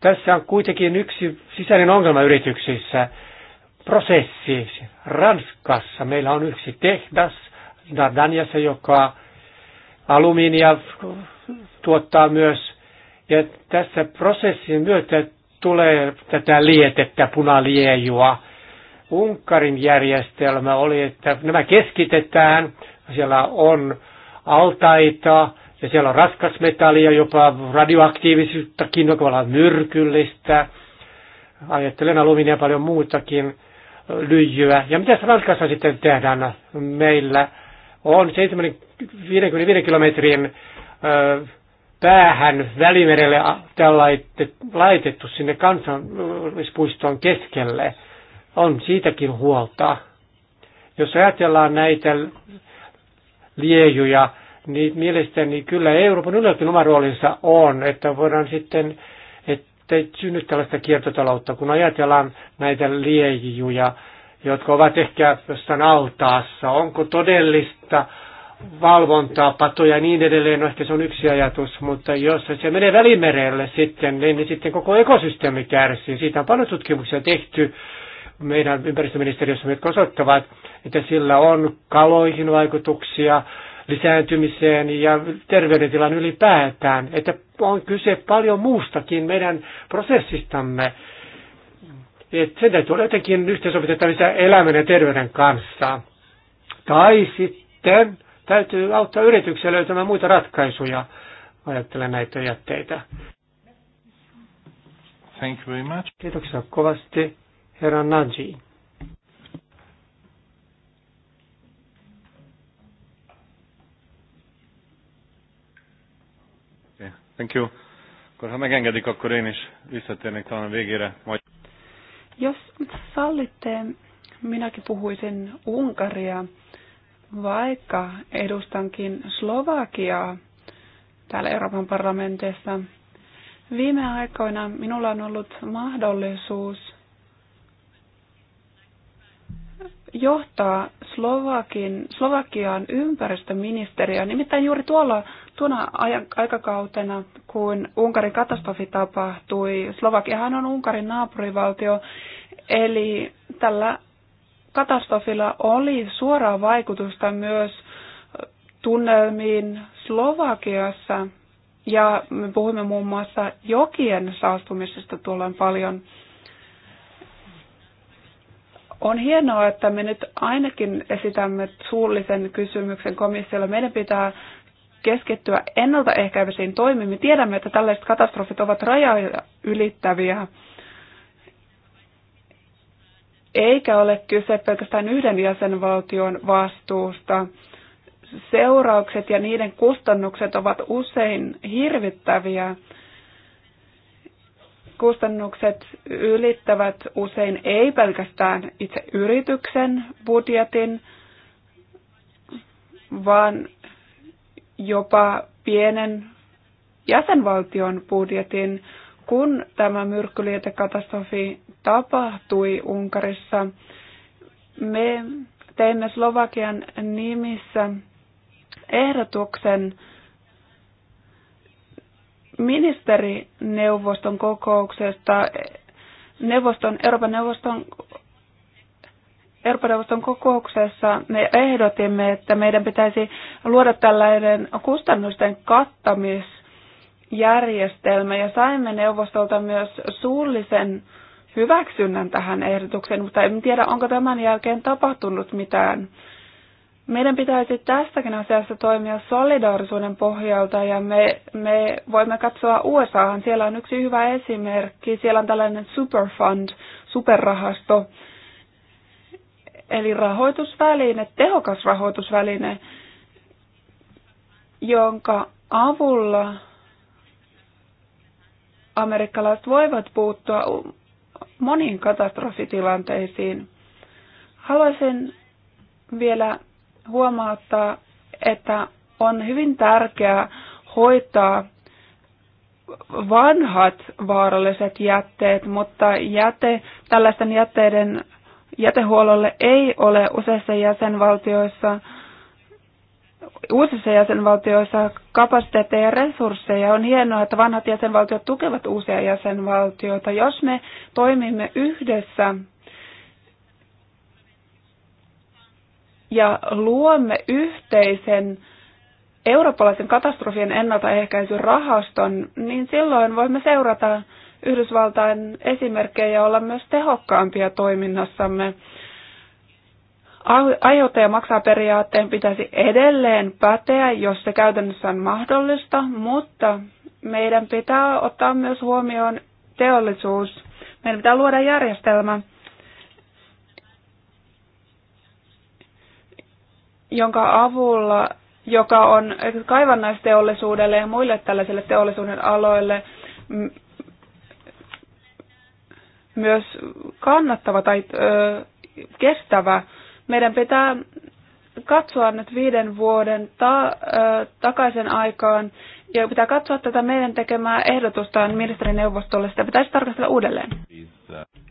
Tässä on kuitenkin yksi sisäinen ongelma yrityksissä. Prosessi. Ranskassa meillä on yksi tehdas Dardaniassa, joka alumiinia tuottaa myös. Ja tässä prosessin myötä tulee tätä lietettä, punaliejua. Unkarin järjestelmä oli, että nämä keskitetään, siellä on altaita ja siellä on raskasmetallia, jopa radioaktiivisuuttakin, joka on myrkyllistä. Ajattelen alumiinia paljon muutakin lyijyä. Ja mitä Ranskassa sitten tehdään meillä? on 75 kilometrin päähän välimerelle laitettu sinne kansallispuiston keskelle. On siitäkin huolta. Jos ajatellaan näitä liejuja, niin mielestäni kyllä Euroopan ylläkin oma roolinsa on, että voidaan sitten, ettei synny tällaista kiertotaloutta, kun ajatellaan näitä liejuja, jotka ovat ehkä jossain altaassa. Onko todellista valvontaa, patoja ja niin edelleen, no ehkä se on yksi ajatus, mutta jos se menee välimerelle sitten, niin sitten koko ekosysteemi kärsii. Siitä on paljon tutkimuksia tehty meidän ympäristöministeriössä, jotka osoittavat, että sillä on kaloihin vaikutuksia, lisääntymiseen ja terveydentilan ylipäätään, että on kyse paljon muustakin meidän prosessistamme, että sen täytyy olla jotenkin yhteensovitettavissa elämän ja terveyden kanssa. Tai sitten täytyy auttaa yrityksiä löytämään muita ratkaisuja. Ajattelen näitä jätteitä. Thank you very much. Kiitoksia kovasti, herra Nanji. Thank you. Akkor ha megengedik, akkor én is niin visszatérnék talán a végére. Majd... Jos sallitte, minäkin puhuisin Unkaria, vaikka edustankin Slovakiaa täällä Euroopan parlamentissa. Viime aikoina minulla on ollut mahdollisuus johtaa Slovakin, Slovakian ympäristöministeriä, Nimittäin juuri tuolla tuona aikakautena, kun Unkarin katastrofi tapahtui, Slovakiahan on Unkarin naapurivaltio, eli tällä katastrofilla oli suoraa vaikutusta myös tunnelmiin Slovakiassa, ja me puhumme muun muassa jokien saastumisesta tuolloin paljon – on hienoa, että me nyt ainakin esitämme suullisen kysymyksen komissiolle. Meidän pitää keskittyä ennaltaehkäiseviin toimiin. Me tiedämme, että tällaiset katastrofit ovat rajoja ylittäviä. Eikä ole kyse pelkästään yhden jäsenvaltion vastuusta. Seuraukset ja niiden kustannukset ovat usein hirvittäviä kustannukset ylittävät usein ei pelkästään itse yrityksen budjetin, vaan jopa pienen jäsenvaltion budjetin. Kun tämä myrkkylietekatastrofi tapahtui Unkarissa, me teimme Slovakian nimissä ehdotuksen ministerineuvoston kokouksesta, neuvoston, Euroopan neuvoston Euroopan neuvoston kokouksessa me ehdotimme, että meidän pitäisi luoda tällainen kustannusten kattamisjärjestelmä ja saimme neuvostolta myös suullisen hyväksynnän tähän ehdotukseen, mutta en tiedä, onko tämän jälkeen tapahtunut mitään. Meidän pitäisi tässäkin asiassa toimia solidaarisuuden pohjalta ja me, me voimme katsoa USAhan. Siellä on yksi hyvä esimerkki. Siellä on tällainen superfund, superrahasto, eli rahoitusväline, tehokas rahoitusväline, jonka avulla amerikkalaiset voivat puuttua moniin katastrofitilanteisiin. Haluaisin vielä huomauttaa, että on hyvin tärkeää hoitaa vanhat vaaralliset jätteet, mutta jäte, tällaisten jätteiden jätehuollolle ei ole useissa jäsenvaltioissa uusissa jäsenvaltioissa kapasiteetteja ja resursseja. On hienoa, että vanhat jäsenvaltiot tukevat uusia jäsenvaltioita. Jos me toimimme yhdessä ja luomme yhteisen eurooppalaisen katastrofien ennaltaehkäisyn rahaston, niin silloin voimme seurata Yhdysvaltain esimerkkejä ja olla myös tehokkaampia toiminnassamme. Aiheuttaja maksaa periaatteen pitäisi edelleen päteä, jos se käytännössä on mahdollista, mutta meidän pitää ottaa myös huomioon teollisuus. Meidän pitää luoda järjestelmä, jonka avulla, joka on kaivannaisteollisuudelle ja muille tällaisille teollisuuden aloille myös kannattava tai ö, kestävä. Meidän pitää katsoa nyt viiden vuoden ta, ö, takaisin aikaan ja pitää katsoa tätä meidän tekemää ehdotusta ministerineuvostolle. Sitä pitäisi tarkastella uudelleen.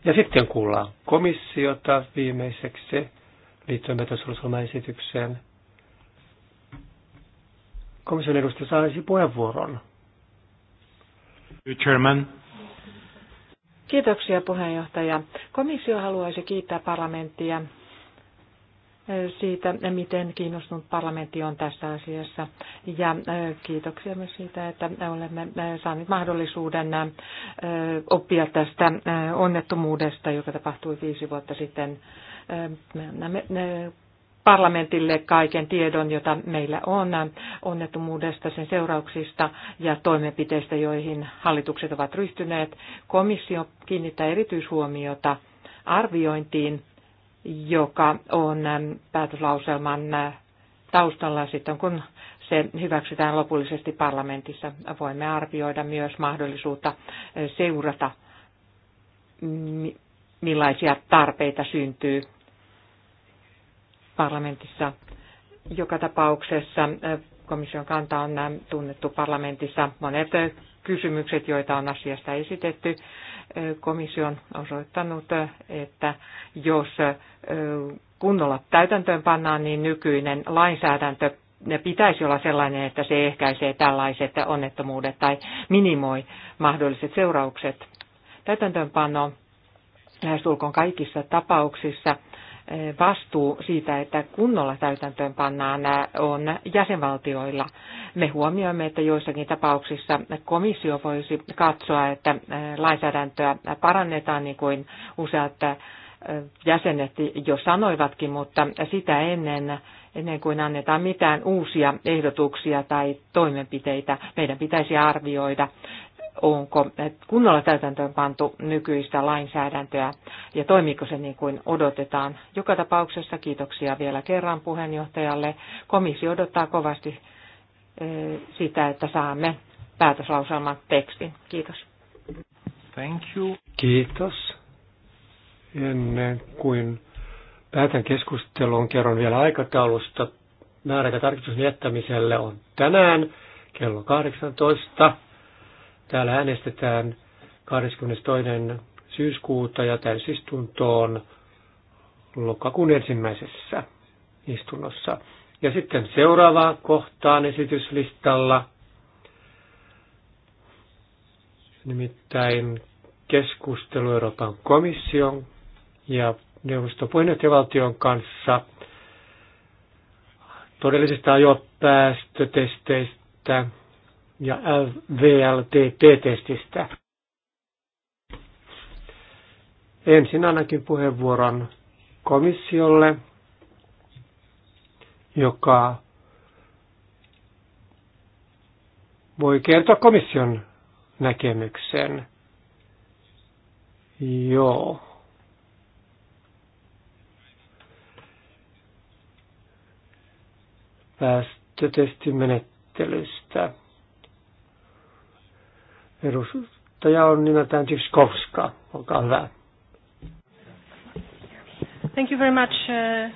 Ja sitten kuullaan komissiota viimeiseksi liittyen esitykseen. Komission edustaja saisi puheenvuoron. Chairman. Kiitoksia puheenjohtaja. Komissio haluaisi kiittää parlamenttia eh, siitä, miten kiinnostunut parlamentti on tässä asiassa. Ja eh, kiitoksia myös siitä, että olemme eh, saaneet mahdollisuuden oppia tästä onnettomuudesta, joka tapahtui viisi vuotta sitten me annamme parlamentille kaiken tiedon, jota meillä on onnettomuudesta, sen seurauksista ja toimenpiteistä, joihin hallitukset ovat ryhtyneet. Komissio kiinnittää erityishuomiota arviointiin, joka on päätöslauselman taustalla sitten, kun se hyväksytään lopullisesti parlamentissa. Voimme arvioida myös mahdollisuutta seurata, millaisia tarpeita syntyy parlamentissa. Joka tapauksessa äh, komission kanta on äh, tunnettu parlamentissa. Monet äh, kysymykset, joita on asiasta esitetty, komissio on osoittanut, että jos kunnolla täytäntöön pannaan, niin nykyinen lainsäädäntö ne pitäisi olla sellainen, että se ehkäisee tällaiset onnettomuudet tai minimoi mahdolliset seuraukset. Täytäntöönpano lähestulkoon kaikissa tapauksissa vastuu siitä, että kunnolla täytäntöön pannaan äh, on jäsenvaltioilla. Me huomioimme, että joissakin tapauksissa komissio voisi katsoa, että äh, lainsäädäntöä parannetaan niin kuin useat äh, jäsenet jo sanoivatkin, mutta sitä ennen, ennen kuin annetaan mitään uusia ehdotuksia tai toimenpiteitä, meidän pitäisi arvioida onko kunnolla täytäntöön pantu nykyistä lainsäädäntöä ja toimiiko se niin kuin odotetaan. Joka tapauksessa kiitoksia vielä kerran puheenjohtajalle. Komissio odottaa kovasti eh, sitä, että saamme päätöslauselman tekstin. Kiitos. Thank you. Kiitos. Ennen kuin päätän keskusteluun, kerron vielä aikataulusta. Määräkä tarkistuksen on tänään kello 18 Täällä äänestetään 22. syyskuuta ja täysistuntoon lokakuun ensimmäisessä istunnossa. Ja sitten seuraavaan kohtaan esityslistalla, nimittäin keskustelu Euroopan komission ja neuvoston kanssa todellisista ajopäästötesteistä ja VLTT-testistä. Ensin ainakin puheenvuoron komissiolle, joka voi kertoa komission näkemyksen. Joo. Päästötestimenettelystä. Edustaja on nimeltään Tskovska. Olkaa hyvä. Thank you very much, uh,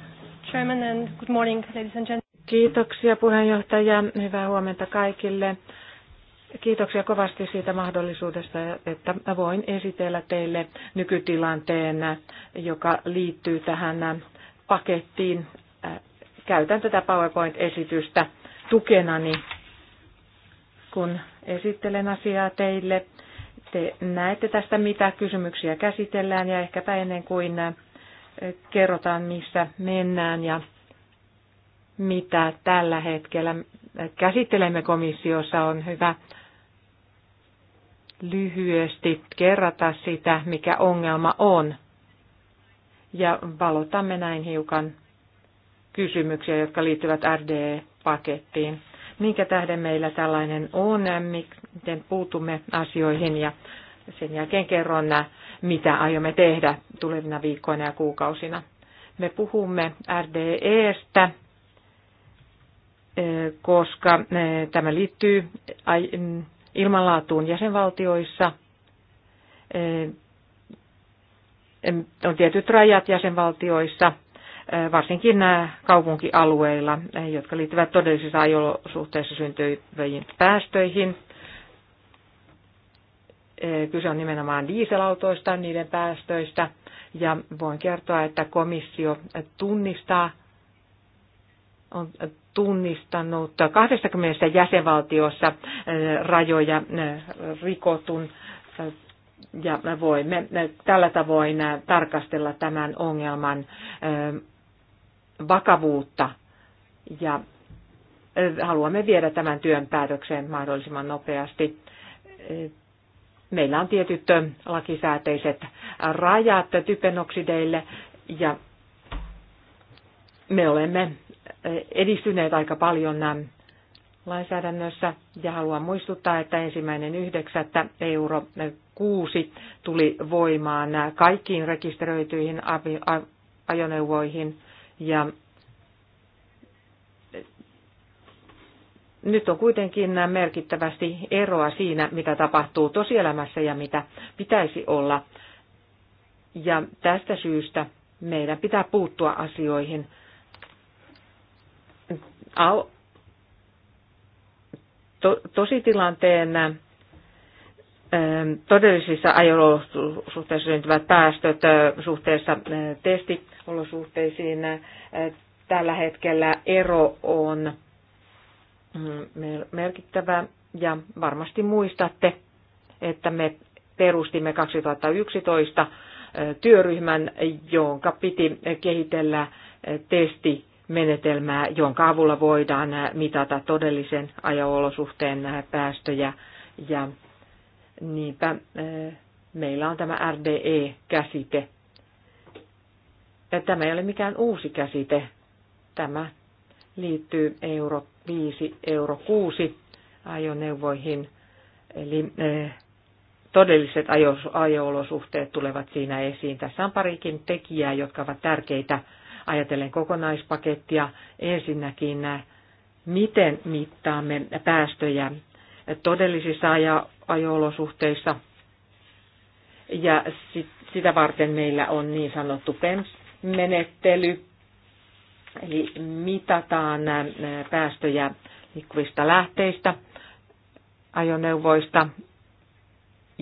Chairman, and good morning, ladies and gentlemen. Kiitoksia puheenjohtaja. Hyvää huomenta kaikille. Kiitoksia kovasti siitä mahdollisuudesta, että voin esitellä teille nykytilanteen, joka liittyy tähän pakettiin. Käytän tätä PowerPoint-esitystä tukenani, kun esittelen asiaa teille. Te näette tästä, mitä kysymyksiä käsitellään ja ehkäpä ennen kuin äh, kerrotaan, missä mennään ja mitä tällä hetkellä käsittelemme komissiossa, on hyvä lyhyesti kerrata sitä, mikä ongelma on. Ja valotamme näin hiukan kysymyksiä, jotka liittyvät RDE-pakettiin minkä tähden meillä tällainen on, miten puutumme asioihin ja sen jälkeen kerron, mitä aiomme tehdä tulevina viikkoina ja kuukausina. Me puhumme RDEstä, koska eh, tämä liittyy mm, ilmanlaatuun jäsenvaltioissa. Eh, mm, on tietyt rajat jäsenvaltioissa varsinkin kaupunkialueilla, jotka liittyvät todellisissa ajolosuhteissa syntyviin päästöihin. Kyse on nimenomaan dieselautoista, niiden päästöistä, ja voin kertoa, että komissio tunnistaa, on tunnistanut 20 jäsenvaltiossa rajoja rikotun ja voimme tällä tavoin tarkastella tämän ongelman vakavuutta ja haluamme viedä tämän työn päätökseen mahdollisimman nopeasti. Meillä on tietyt lakisääteiset rajat typenoksideille ja me olemme edistyneet aika paljon lainsäädännössä ja haluan muistuttaa, että ensimmäinen yhdeksättä euro 6 tuli voimaan kaikkiin rekisteröityihin ajoneuvoihin ja nyt on kuitenkin merkittävästi eroa siinä, mitä tapahtuu tosielämässä ja mitä pitäisi olla. Ja tästä syystä meidän pitää puuttua asioihin to, tositilanteen ähm, todellisissa ajolosuhteissa syntyvät päästöt äh, suhteessa äh, testit testi olosuhteisiin. Tällä hetkellä ero on merkittävä ja varmasti muistatte, että me perustimme 2011 työryhmän, jonka piti kehitellä menetelmää, jonka avulla voidaan mitata todellisen ajo-olosuhteen päästöjä. Ja niinpä eh, meillä on tämä RDE-käsite Tämä ei ole mikään uusi käsite. Tämä liittyy euro 5, euro 6 ajoneuvoihin, eli eh, todelliset ajo-olosuhteet tulevat siinä esiin. Tässä on parikin tekijää, jotka ovat tärkeitä ajatellen kokonaispakettia. Ensinnäkin, eh, miten mittaamme päästöjä todellisissa ajo-olosuhteissa. Ja sitä varten meillä on niin sanottu PEMS, menettely, eli mitataan päästöjä liikkuvista lähteistä ajoneuvoista.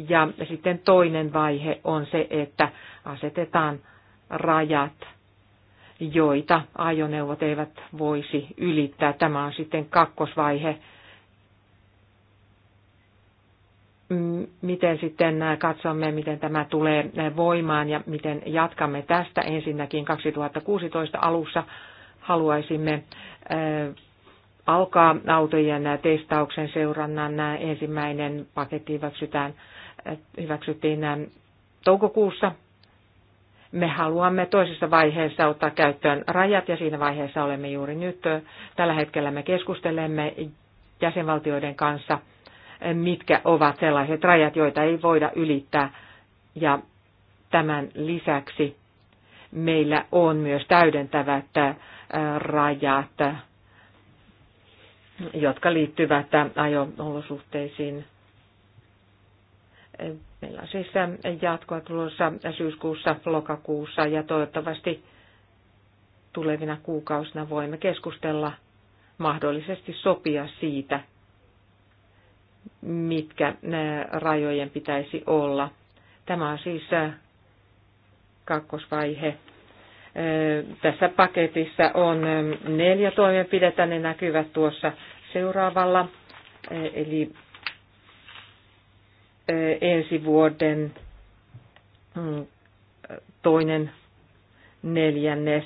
Ja sitten toinen vaihe on se, että asetetaan rajat, joita ajoneuvot eivät voisi ylittää. Tämä on sitten kakkosvaihe Mm, miten sitten katsomme, miten tämä tulee voimaan ja miten jatkamme tästä. Ensinnäkin 2016 alussa haluaisimme äh, alkaa autojen testauksen seurannan. Ensimmäinen paketti hyväksytään, äh, hyväksyttiin äh, toukokuussa. Me haluamme toisessa vaiheessa ottaa käyttöön rajat ja siinä vaiheessa olemme juuri nyt. Tällä hetkellä me keskustelemme jäsenvaltioiden kanssa – mitkä ovat sellaiset rajat, joita ei voida ylittää. Ja tämän lisäksi meillä on myös täydentävät äh, rajat, jotka liittyvät ajo-olosuhteisiin. Meillä on siis äh, jatkoa tulossa syyskuussa, lokakuussa ja toivottavasti tulevina kuukausina voimme keskustella mahdollisesti sopia siitä, mitkä äh, rajojen pitäisi olla. Tämä on siis äh, kakkosvaihe. Äh, tässä paketissa on ähm, neljä toimenpidettä, ne näkyvät tuossa seuraavalla, eli ensi vuoden mm, toinen neljännes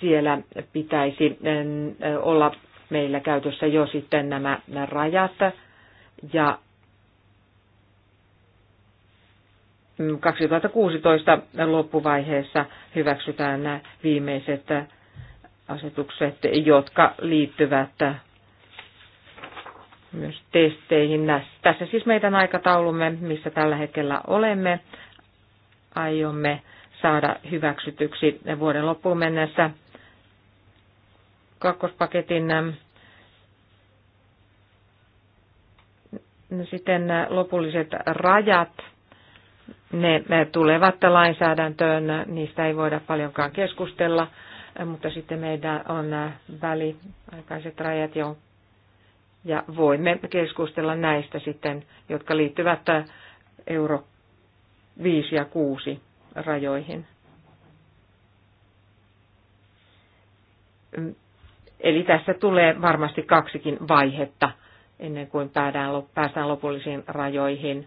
siellä pitäisi olla meillä käytössä jo sitten nämä, nämä rajat ja 2016 mm, loppuvaiheessa hyväksytään nämä viimeiset asetukset, jotka liittyvät myös testeihin. Tässä siis meidän aikataulumme, missä tällä hetkellä olemme. Aiomme saada hyväksytyksi vuoden loppuun mennessä kakkospaketin ähm, no sitten äh, lopulliset rajat, ne tulevat lainsäädäntöön, niistä ei voida paljonkaan keskustella, äh, mutta sitten meidän on äh, väliaikaiset rajat jo, ja voimme keskustella näistä sitten, jotka liittyvät euro 5 ja 6 rajoihin. Eli tässä tulee varmasti kaksikin vaihetta ennen kuin päästään lopullisiin rajoihin.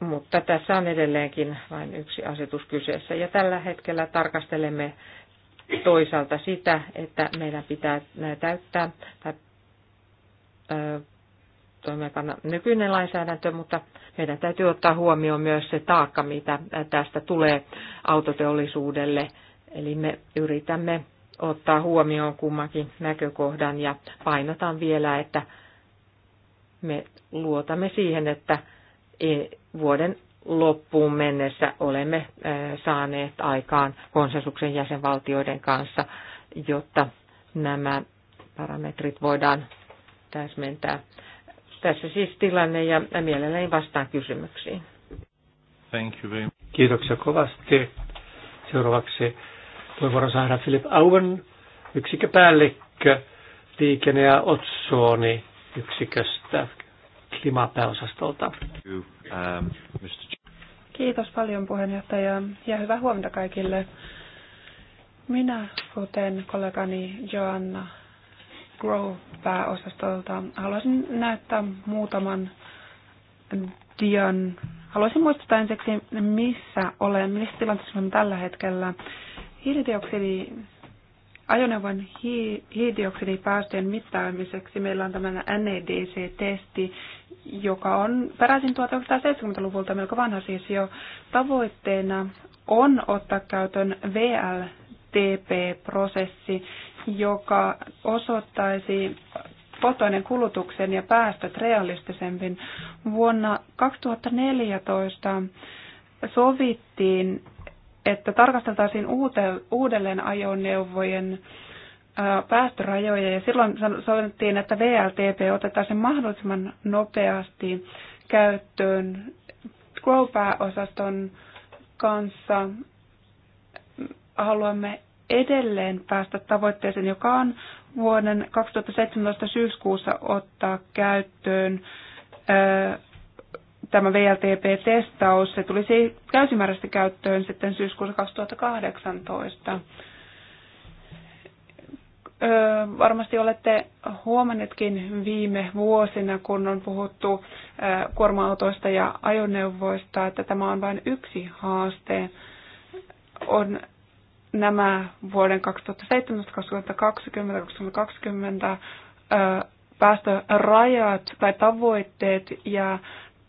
Mutta tässä on edelleenkin vain yksi asetus kyseessä. Ja tällä hetkellä tarkastelemme toisaalta sitä, että meidän pitää täyttää tai toimeenpanna nykyinen lainsäädäntö, mutta meidän täytyy ottaa huomioon myös se taakka, mitä tästä tulee autoteollisuudelle – Eli me yritämme ottaa huomioon kummankin näkökohdan ja painotan vielä, että me luotamme siihen, että e, vuoden loppuun mennessä olemme e, saaneet aikaan konsensuksen jäsenvaltioiden kanssa, jotta nämä parametrit voidaan täsmentää. Tässä siis tilanne ja mielelläni vastaan kysymyksiin. Thank you very much. Kiitoksia kovasti. Seuraavaksi puheenvuoron saada Philip Auen yksikköpäällikkö liikenne- ja otsooni yksiköstä klimapääosastolta. Kiitos paljon puheenjohtaja ja hyvää huomenta kaikille. Minä, kuten kollegani Joanna Grow-pääosastolta, haluaisin näyttää muutaman dian. Haluaisin muistuttaa ensiksi, missä olen, missä tilanteessa olen tällä hetkellä. Hiilidioksidi, ajoneuvon hi, hiilidioksidipäästöjen mittaamiseksi meillä on tämmöinen NEDC-testi, joka on peräisin 1970-luvulta melko vanha siis jo. Tavoitteena on ottaa käytön VLTP-prosessi, joka osoittaisi polttoaineen kulutuksen ja päästöt realistisempin. Vuonna 2014 sovittiin että tarkasteltaisiin uudelleen ajoneuvojen päästörajoja ja silloin sovittiin, että VLTP otetaan mahdollisimman nopeasti käyttöön Grow-pääosaston kanssa. Haluamme edelleen päästä tavoitteeseen, joka on vuoden 2017 syyskuussa ottaa käyttöön tämä VLTP-testaus, se tulisi täysimääräisesti käyttöön sitten syyskuussa 2018. Öö, varmasti olette huomannetkin viime vuosina, kun on puhuttu öö, kuorma-autoista ja ajoneuvoista, että tämä on vain yksi haaste. On nämä vuoden 2017, 2020, 2020 öö, päästörajat tai tavoitteet ja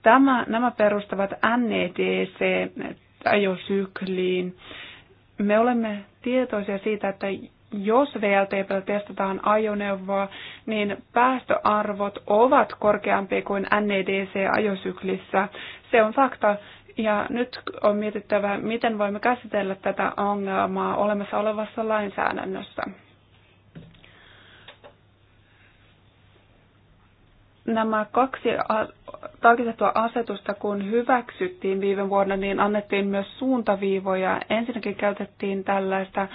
Tämä, nämä perustavat NEDC-ajosykliin. Me olemme tietoisia siitä, että jos VLTP testataan ajoneuvoa, niin päästöarvot ovat korkeampia kuin NEDC-ajosyklissä. Se on fakta. Ja nyt on mietittävä, miten voimme käsitellä tätä ongelmaa olemassa olevassa lainsäädännössä. nämä kaksi tarkistettua asetusta, kun hyväksyttiin viime vuonna, niin annettiin myös suuntaviivoja. Ensinnäkin käytettiin tällaista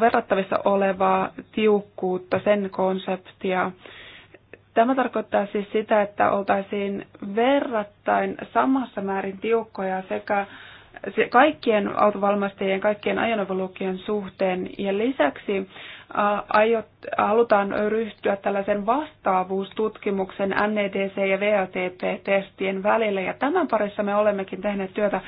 verrattavissa olevaa tiukkuutta, sen konseptia. Tämä tarkoittaa siis sitä, että oltaisiin verrattain samassa määrin tiukkoja sekä kaikkien autovalmistajien, kaikkien ajoneuvolukien suhteen. Ja lisäksi aiot, halutaan ryhtyä tällaisen vastaavuustutkimuksen NEDC- ja VATP-testien välillä. Ja tämän parissa me olemmekin tehneet työtä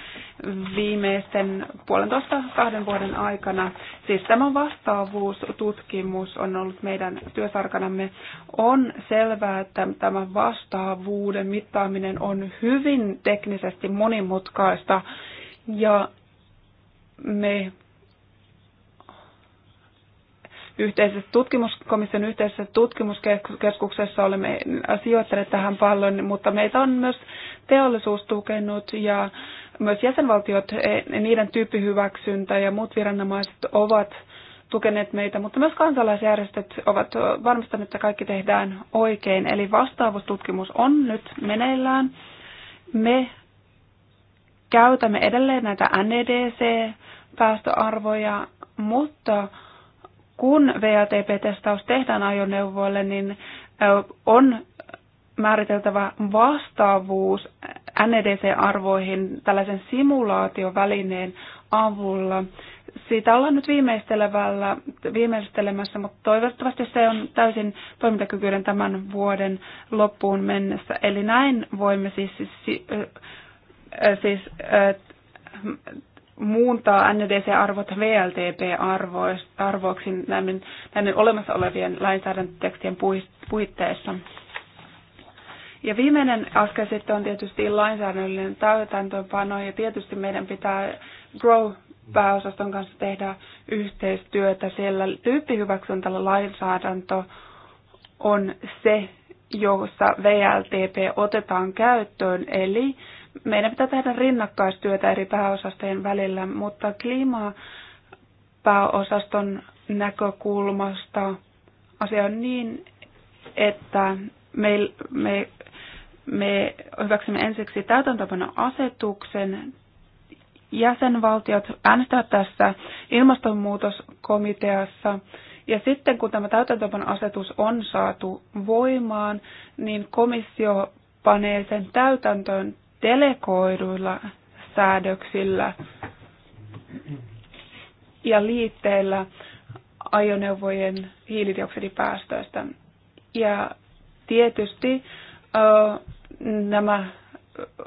viimeisten puolentoista kahden vuoden aikana. Siis tämä vastaavuustutkimus on ollut meidän työsarkanamme. On selvää, että tämä vastaavuuden mittaaminen on hyvin teknisesti monimutkaista ja me yhteisessä tutkimuskomission yhteisessä tutkimuskeskuksessa olemme sijoittaneet tähän pallon, mutta meitä on myös teollisuus tukenut ja myös jäsenvaltiot, e, niiden tyyppihyväksyntä ja muut viranomaiset ovat tukeneet meitä, mutta myös kansalaisjärjestöt ovat varmistaneet, että kaikki tehdään oikein. Eli vastaavuustutkimus on nyt meneillään. Me käytämme edelleen näitä NEDC-päästöarvoja, mutta kun VLTP-testaus tehdään ajoneuvoille, niin on määriteltävä vastaavuus NEDC-arvoihin tällaisen simulaatiovälineen avulla. Siitä ollaan nyt viimeistelevällä, viimeistelemässä, mutta toivottavasti se on täysin toimintakykyinen tämän vuoden loppuun mennessä. Eli näin voimme siis, siis, siis muuntaa NDC-arvot VLTP-arvoiksi näiden, näiden olemassa olevien lainsäädäntötekstien puitteissa. Ja viimeinen askel sitten on tietysti lainsäädännöllinen täytäntöpano, ja tietysti meidän pitää Grow pääosaston kanssa tehdä yhteistyötä, sillä tyyppihyväksyntällä lainsäädäntö on se, jossa VLTP otetaan käyttöön, eli meidän pitää tehdä rinnakkaistyötä eri pääosastojen välillä, mutta kliimapääosaston näkökulmasta asia on niin, että me, me, me hyväksymme ensiksi täytäntöpano asetuksen. Jäsenvaltiot äänestävät tässä ilmastonmuutoskomiteassa. Ja sitten kun tämä asetus on saatu voimaan, niin komissio panee sen täytäntöön delegoiduilla säädöksillä ja liitteillä ajoneuvojen hiilidioksidipäästöistä. Ja tietysti nämä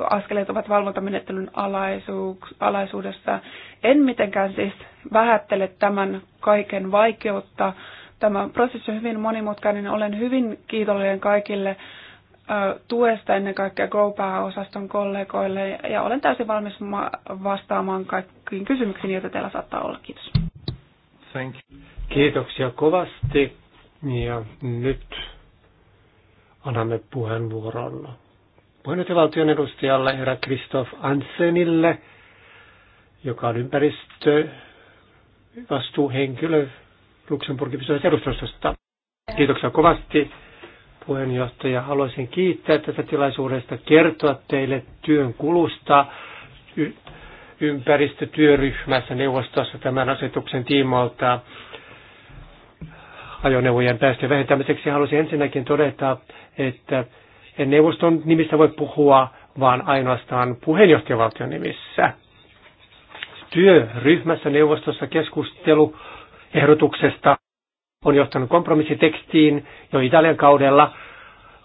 askeleet ovat valvontamenettelyn alaisuudessa. En mitenkään siis vähättele tämän kaiken vaikeutta. Tämä prosessi on hyvin monimutkainen. Olen hyvin kiitollinen kaikille tuesta ennen kaikkea GoPää-osaston kollegoille ja olen täysin valmis vastaamaan kaikkiin kysymyksiin, joita teillä saattaa olla. Kiitos. Thank you. Kiitoksia kovasti ja nyt annamme puheenvuoron puheenjohtajavaltion edustajalle herra Kristoff Ansenille, joka on ympäristö vastuuhenkilö Luxemburgin edustustosta. Kiitoksia kovasti puheenjohtaja. Haluaisin kiittää tätä tilaisuudesta kertoa teille työn kulusta y- ympäristötyöryhmässä neuvostossa tämän asetuksen tiimoilta ajoneuvojen päästöjen vähentämiseksi. Haluaisin ensinnäkin todeta, että en neuvoston nimissä voi puhua, vaan ainoastaan puheenjohtajavaltion nimissä. Työryhmässä neuvostossa keskustelu ehdotuksesta on johtanut kompromissitekstiin jo Italian kaudella.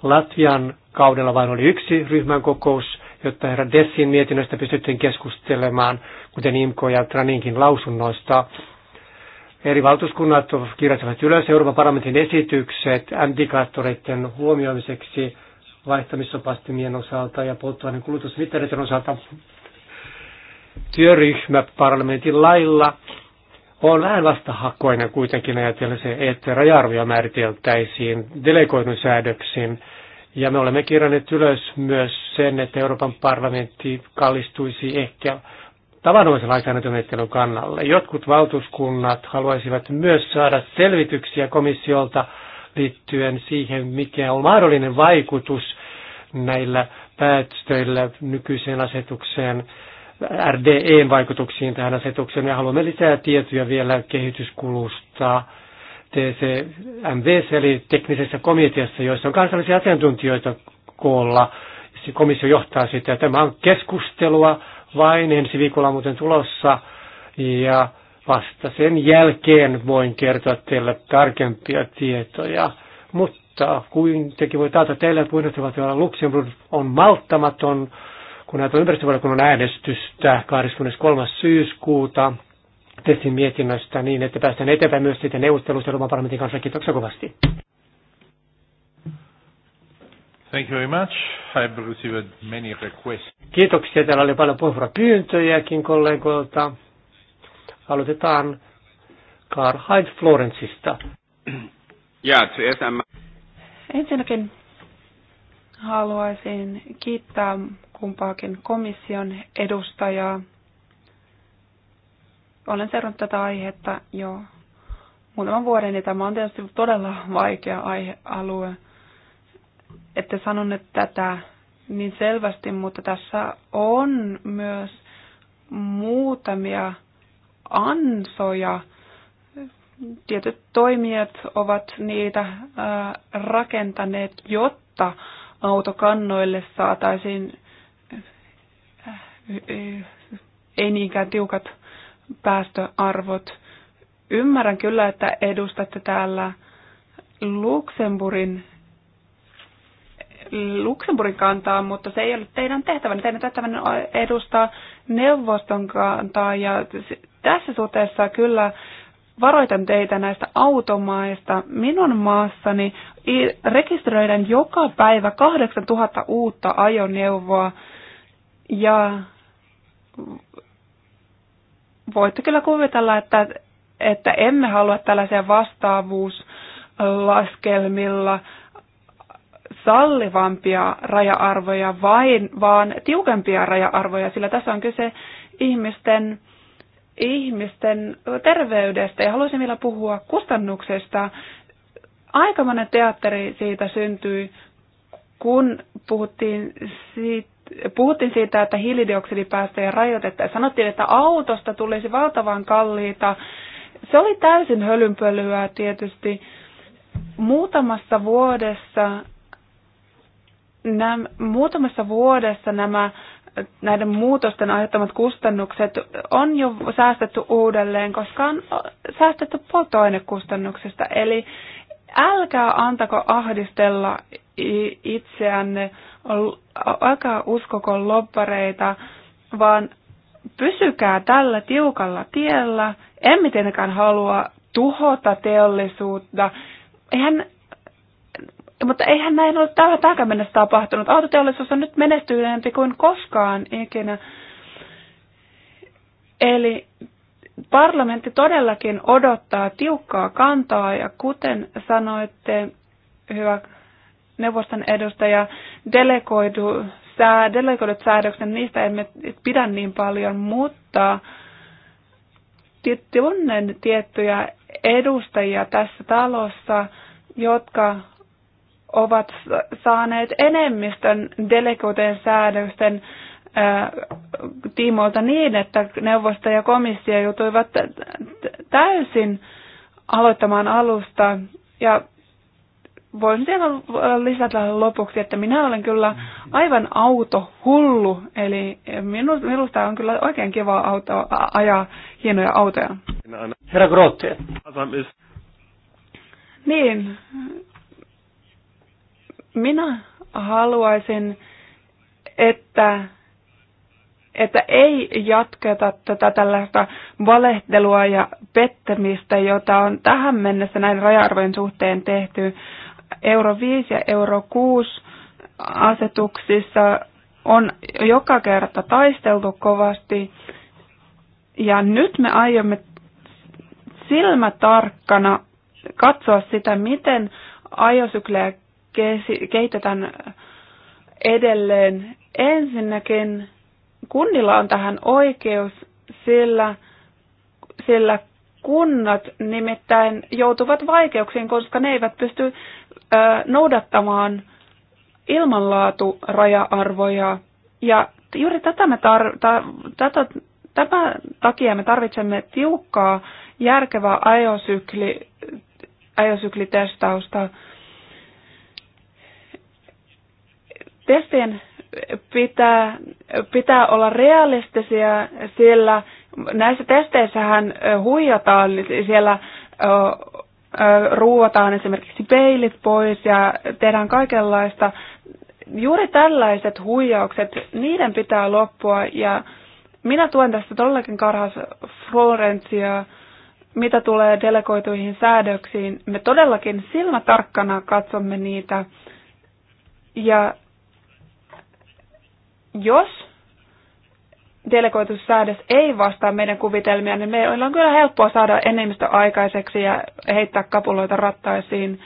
Latvian kaudella vain oli yksi ryhmän kokous, jotta herra Dessin mietinnöstä pystyttiin keskustelemaan, kuten IMKO ja Traninkin lausunnoista. Eri valtuuskunnat kirjoittavat ylös Euroopan parlamentin esitykset antikaattoreiden huomioimiseksi vaihtamisopastimien osalta ja polttoaineen kulutusmittareiden osalta. Työryhmä parlamentin lailla on vähän vastahakoinen kuitenkin ajatella se, että raja-arvoja määriteltäisiin delegoidun säädöksin. Ja me olemme kirjanneet ylös myös sen, että Euroopan parlamentti kallistuisi ehkä tavanomaisen lainsäädäntömenettelyn kannalle. Jotkut valtuuskunnat haluaisivat myös saada selvityksiä komissiolta liittyen siihen, mikä on mahdollinen vaikutus näillä päätöstöillä nykyiseen asetukseen RDEn vaikutuksiin tähän asetukseen. Me haluamme lisää tietoja vielä kehityskulusta TCMVC eli teknisessä komiteassa, joissa on kansallisia asiantuntijoita koolla. Komissio johtaa sitä. Tämä on keskustelua vain ensi viikolla muuten tulossa ja vasta sen jälkeen voin kertoa teille tarkempia tietoja. Mutta kuitenkin voi taata teille, että puheenjohtaja Luxemburg on malttamaton kun näitä ympäristövaliokunnan äänestystä 23. syyskuuta testin mietinnöstä niin, että päästään eteenpäin myös sitten neuvottelusta Euroopan parlamentin kanssa. Kiitoksia kovasti. Thank you very much. I've received many requests. Kiitoksia. Täällä oli paljon puheenvuoropyyntöjäkin kollegoilta. Aloitetaan Carl Heinz Florenceista. Ensinnäkin haluaisin kiittää kumpaakin komission edustajaa. Olen seurannut tätä aihetta jo muutaman vuoden, ja tämä on tietysti todella vaikea aihealue. Ette sanoneet tätä niin selvästi, mutta tässä on myös muutamia ansoja. Tietyt toimijat ovat niitä rakentaneet, jotta autokannoille saataisiin ei niinkään tiukat päästöarvot. Ymmärrän kyllä, että edustatte täällä Luxemburgin, Luxemburgin kantaa, mutta se ei ole teidän tehtävänne. Teidän tehtävänne edustaa neuvoston kantaa ja tässä suhteessa kyllä varoitan teitä näistä automaista. Minun maassani rekisteröidään joka päivä 8000 uutta ajoneuvoa ja voitte kyllä kuvitella, että, että emme halua tällaisia vastaavuuslaskelmilla sallivampia raja-arvoja, vain, vaan tiukempia raja-arvoja, sillä tässä on kyse ihmisten, ihmisten terveydestä ja haluaisin vielä puhua kustannuksesta. Aikamoinen teatteri siitä syntyi, kun puhuttiin siitä, puhuttiin siitä, että hiilidioksidipäästöjä rajoitettaisiin. Sanottiin, että autosta tulisi valtavan kalliita. Se oli täysin hölynpölyä tietysti. Muutamassa vuodessa, nämä, muutamassa vuodessa nämä näiden muutosten aiheuttamat kustannukset on jo säästetty uudelleen, koska on säästetty puolitoinen kustannuksesta. Eli Älkää antako ahdistella itseänne, älkää uskoko loppareita, vaan pysykää tällä tiukalla tiellä. Emme tietenkään halua tuhota teollisuutta. Eihän, mutta eihän näin ole tällä tämänkään mennessä tapahtunut. Autoteollisuus on nyt menestyneempi kuin koskaan ikinä. Eli Parlamentti todellakin odottaa tiukkaa kantaa ja kuten sanoitte, hyvä neuvoston edustaja, delegoidu, sää, delegoidut säädökset, niistä emme pidä niin paljon, mutta tunnen tiettyjä edustajia tässä talossa, jotka ovat saaneet enemmistön delegoitujen säädösten tiimoilta niin, että neuvosto ja komissio joutuivat täysin aloittamaan alusta. Ja voin vielä lisätä lopuksi, että minä olen kyllä aivan autohullu, eli minusta on kyllä oikein kiva auto, ajaa hienoja autoja. Herra Grotte. Niin, minä haluaisin, että että ei jatketa tätä tällaista valehtelua ja pettämistä, jota on tähän mennessä näin raja-arvojen suhteen tehty. Euro 5 ja euro 6 asetuksissa on joka kerta taisteltu kovasti. Ja nyt me aiomme silmä tarkkana katsoa sitä, miten ajosyklejä kehitetään edelleen. Ensinnäkin kunnilla on tähän oikeus, sillä, sillä kunnat nimittäin joutuvat vaikeuksiin, koska ne eivät pysty noudattamaan ilmanlaaturaja-arvoja. Ja juuri tätä me tar- ta- tätä, tämän takia me tarvitsemme tiukkaa, järkevää ajosykli, ajosyklitestausta. Testien pitää, pitää olla realistisia, sillä näissä testeissähän huijataan, niin siellä ruuataan esimerkiksi peilit pois ja tehdään kaikenlaista. Juuri tällaiset huijaukset, niiden pitää loppua ja minä tuen tässä todellakin Karhas Florencia, mitä tulee delegoituihin säädöksiin. Me todellakin silmätarkkana katsomme niitä ja jos delegoitussäädös säädös ei vastaa meidän kuvitelmia, niin meillä on kyllä helppoa saada enemmistö aikaiseksi ja heittää kapuloita rattaisiin.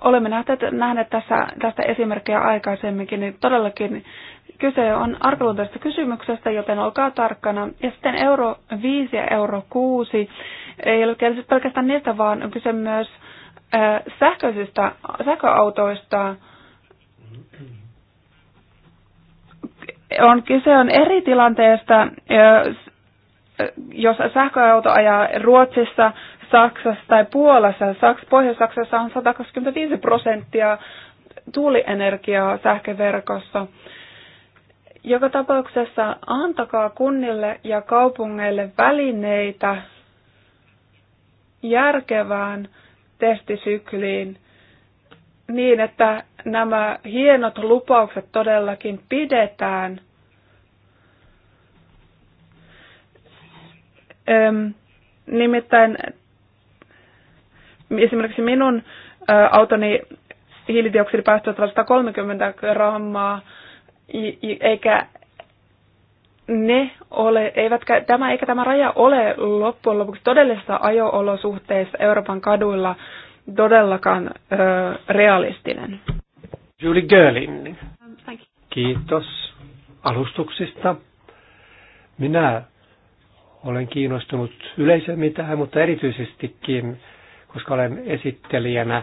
Olemme nähneet, tässä, tästä esimerkkejä aikaisemminkin, niin todellakin kyse on arkaluontoisesta kysymyksestä, joten olkaa tarkkana. Ja sitten euro 5 ja euro 6 ei ole pelkästään niistä, vaan on kyse myös sähköisistä, sähköautoista, on kyse on eri tilanteesta, jos sähköauto ajaa Ruotsissa, Saksassa tai Puolassa. Saks, Pohjois-Saksassa on 125 prosenttia tuulienergiaa sähköverkossa. Joka tapauksessa antakaa kunnille ja kaupungeille välineitä järkevään testisykliin niin, että nämä hienot lupaukset todellakin pidetään. Öm, nimittäin esimerkiksi minun ö, autoni hiilidioksidipäästöt ovat 130 grammaa, eikä ne ole, eivätkä, tämä, eikä tämä raja ole loppujen lopuksi ajo-olosuhteessa Euroopan kaduilla todellakaan ö, realistinen. Julie Görlin. Kiitos alustuksista. Minä olen kiinnostunut yleisemmin tähän, mutta erityisestikin, koska olen esittelijänä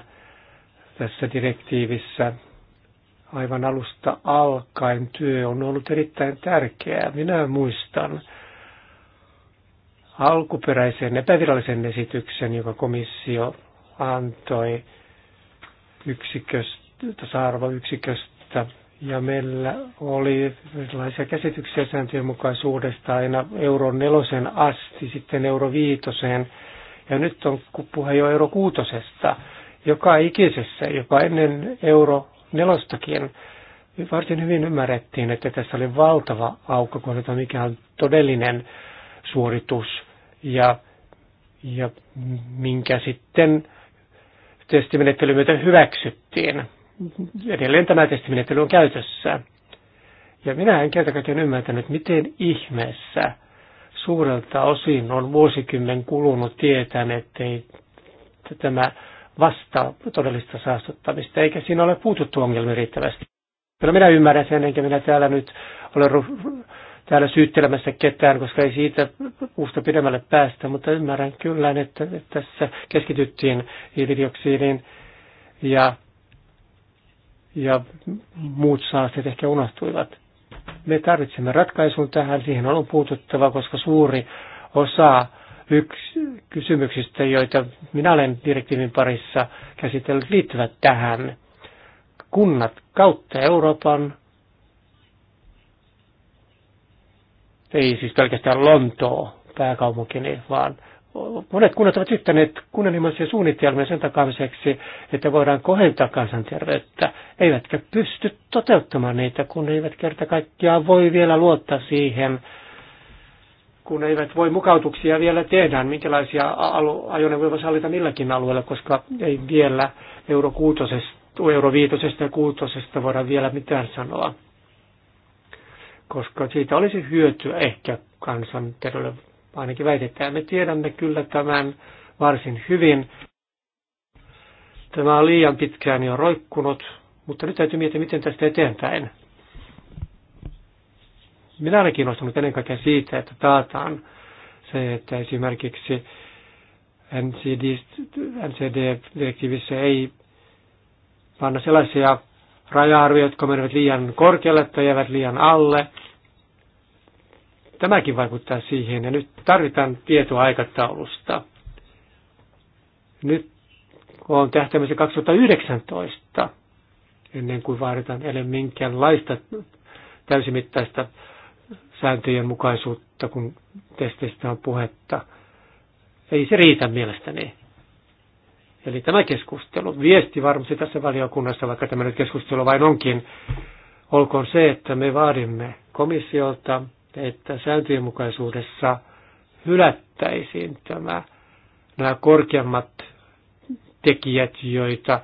tässä direktiivissä aivan alusta alkaen työ on ollut erittäin tärkeää. Minä muistan alkuperäisen epävirallisen esityksen, joka komissio antoi yksiköstä, tasa-arvoyksiköstä ja meillä oli erilaisia käsityksiä sääntöjen mukaisuudesta aina euro nelosen asti, sitten euro viitoseen ja nyt on puhe jo euro kuutosesta. Joka ikisessä, jopa ennen euro nelostakin, varsin hyvin ymmärrettiin, että tässä oli valtava aukko, kun mikä on todellinen suoritus ja, ja minkä sitten testimenettely myötä hyväksyttiin. Edelleen tämä testimenettely on käytössä. Ja minä en kerta ymmärtänyt, miten ihmeessä suurelta osin on vuosikymmen kulunut tietään, ettei tämä vasta todellista saastuttamista, eikä siinä ole puututtu ongelmiin riittävästi. Kyllä minä ymmärrän sen, enkä minä täällä nyt ole täällä syyttelemässä ketään, koska ei siitä puusta pidemmälle päästä, mutta ymmärrän kyllä, että tässä keskityttiin hiilidioksidiin ja, ja muut saasteet ehkä unohtuivat. Me tarvitsemme ratkaisun tähän, siihen on puututtava, koska suuri osa yksi kysymyksistä, joita minä olen direktiivin parissa käsitellyt, liittyvät tähän. Kunnat kautta Euroopan ei siis pelkästään Lontoo pääkaupunkini, vaan monet kunnat ovat yhtäneet kunnianhimoisia suunnitelmia sen takamiseksi, että voidaan kohentaa kansanterveyttä, eivätkä pysty toteuttamaan niitä, kun eivät kerta kaikkiaan voi vielä luottaa siihen, kun eivät voi mukautuksia vielä tehdä, minkälaisia ajoneuvoja sallita milläkin alueella, koska ei vielä euro, kuutosesta, euro 5 ja kuutosesta voida vielä mitään sanoa koska siitä olisi hyötyä ehkä kansanterveydelle, ainakin väitetään. Me tiedämme kyllä tämän varsin hyvin. Tämä on liian pitkään jo roikkunut, mutta nyt täytyy miettiä, miten tästä eteenpäin. Minä olen kiinnostunut ennen kaikkea siitä, että taataan se, että esimerkiksi NCD-direktiivissä ei panna sellaisia raja arvio jotka menevät liian korkealle tai jäävät liian alle. Tämäkin vaikuttaa siihen ja nyt tarvitaan tietoa aikataulusta. Nyt on tähtäimessä 2019, ennen kuin vaaditaan edelleen minkäänlaista täysimittaista sääntöjen mukaisuutta, kun testeistä on puhetta. Ei se riitä mielestäni. Eli tämä keskustelu, viesti varmasti tässä valiokunnassa, vaikka tämä nyt keskustelu vain onkin, olkoon se, että me vaadimme komissiolta, että mukaisuudessa hylättäisiin tämä, nämä korkeammat tekijät, joita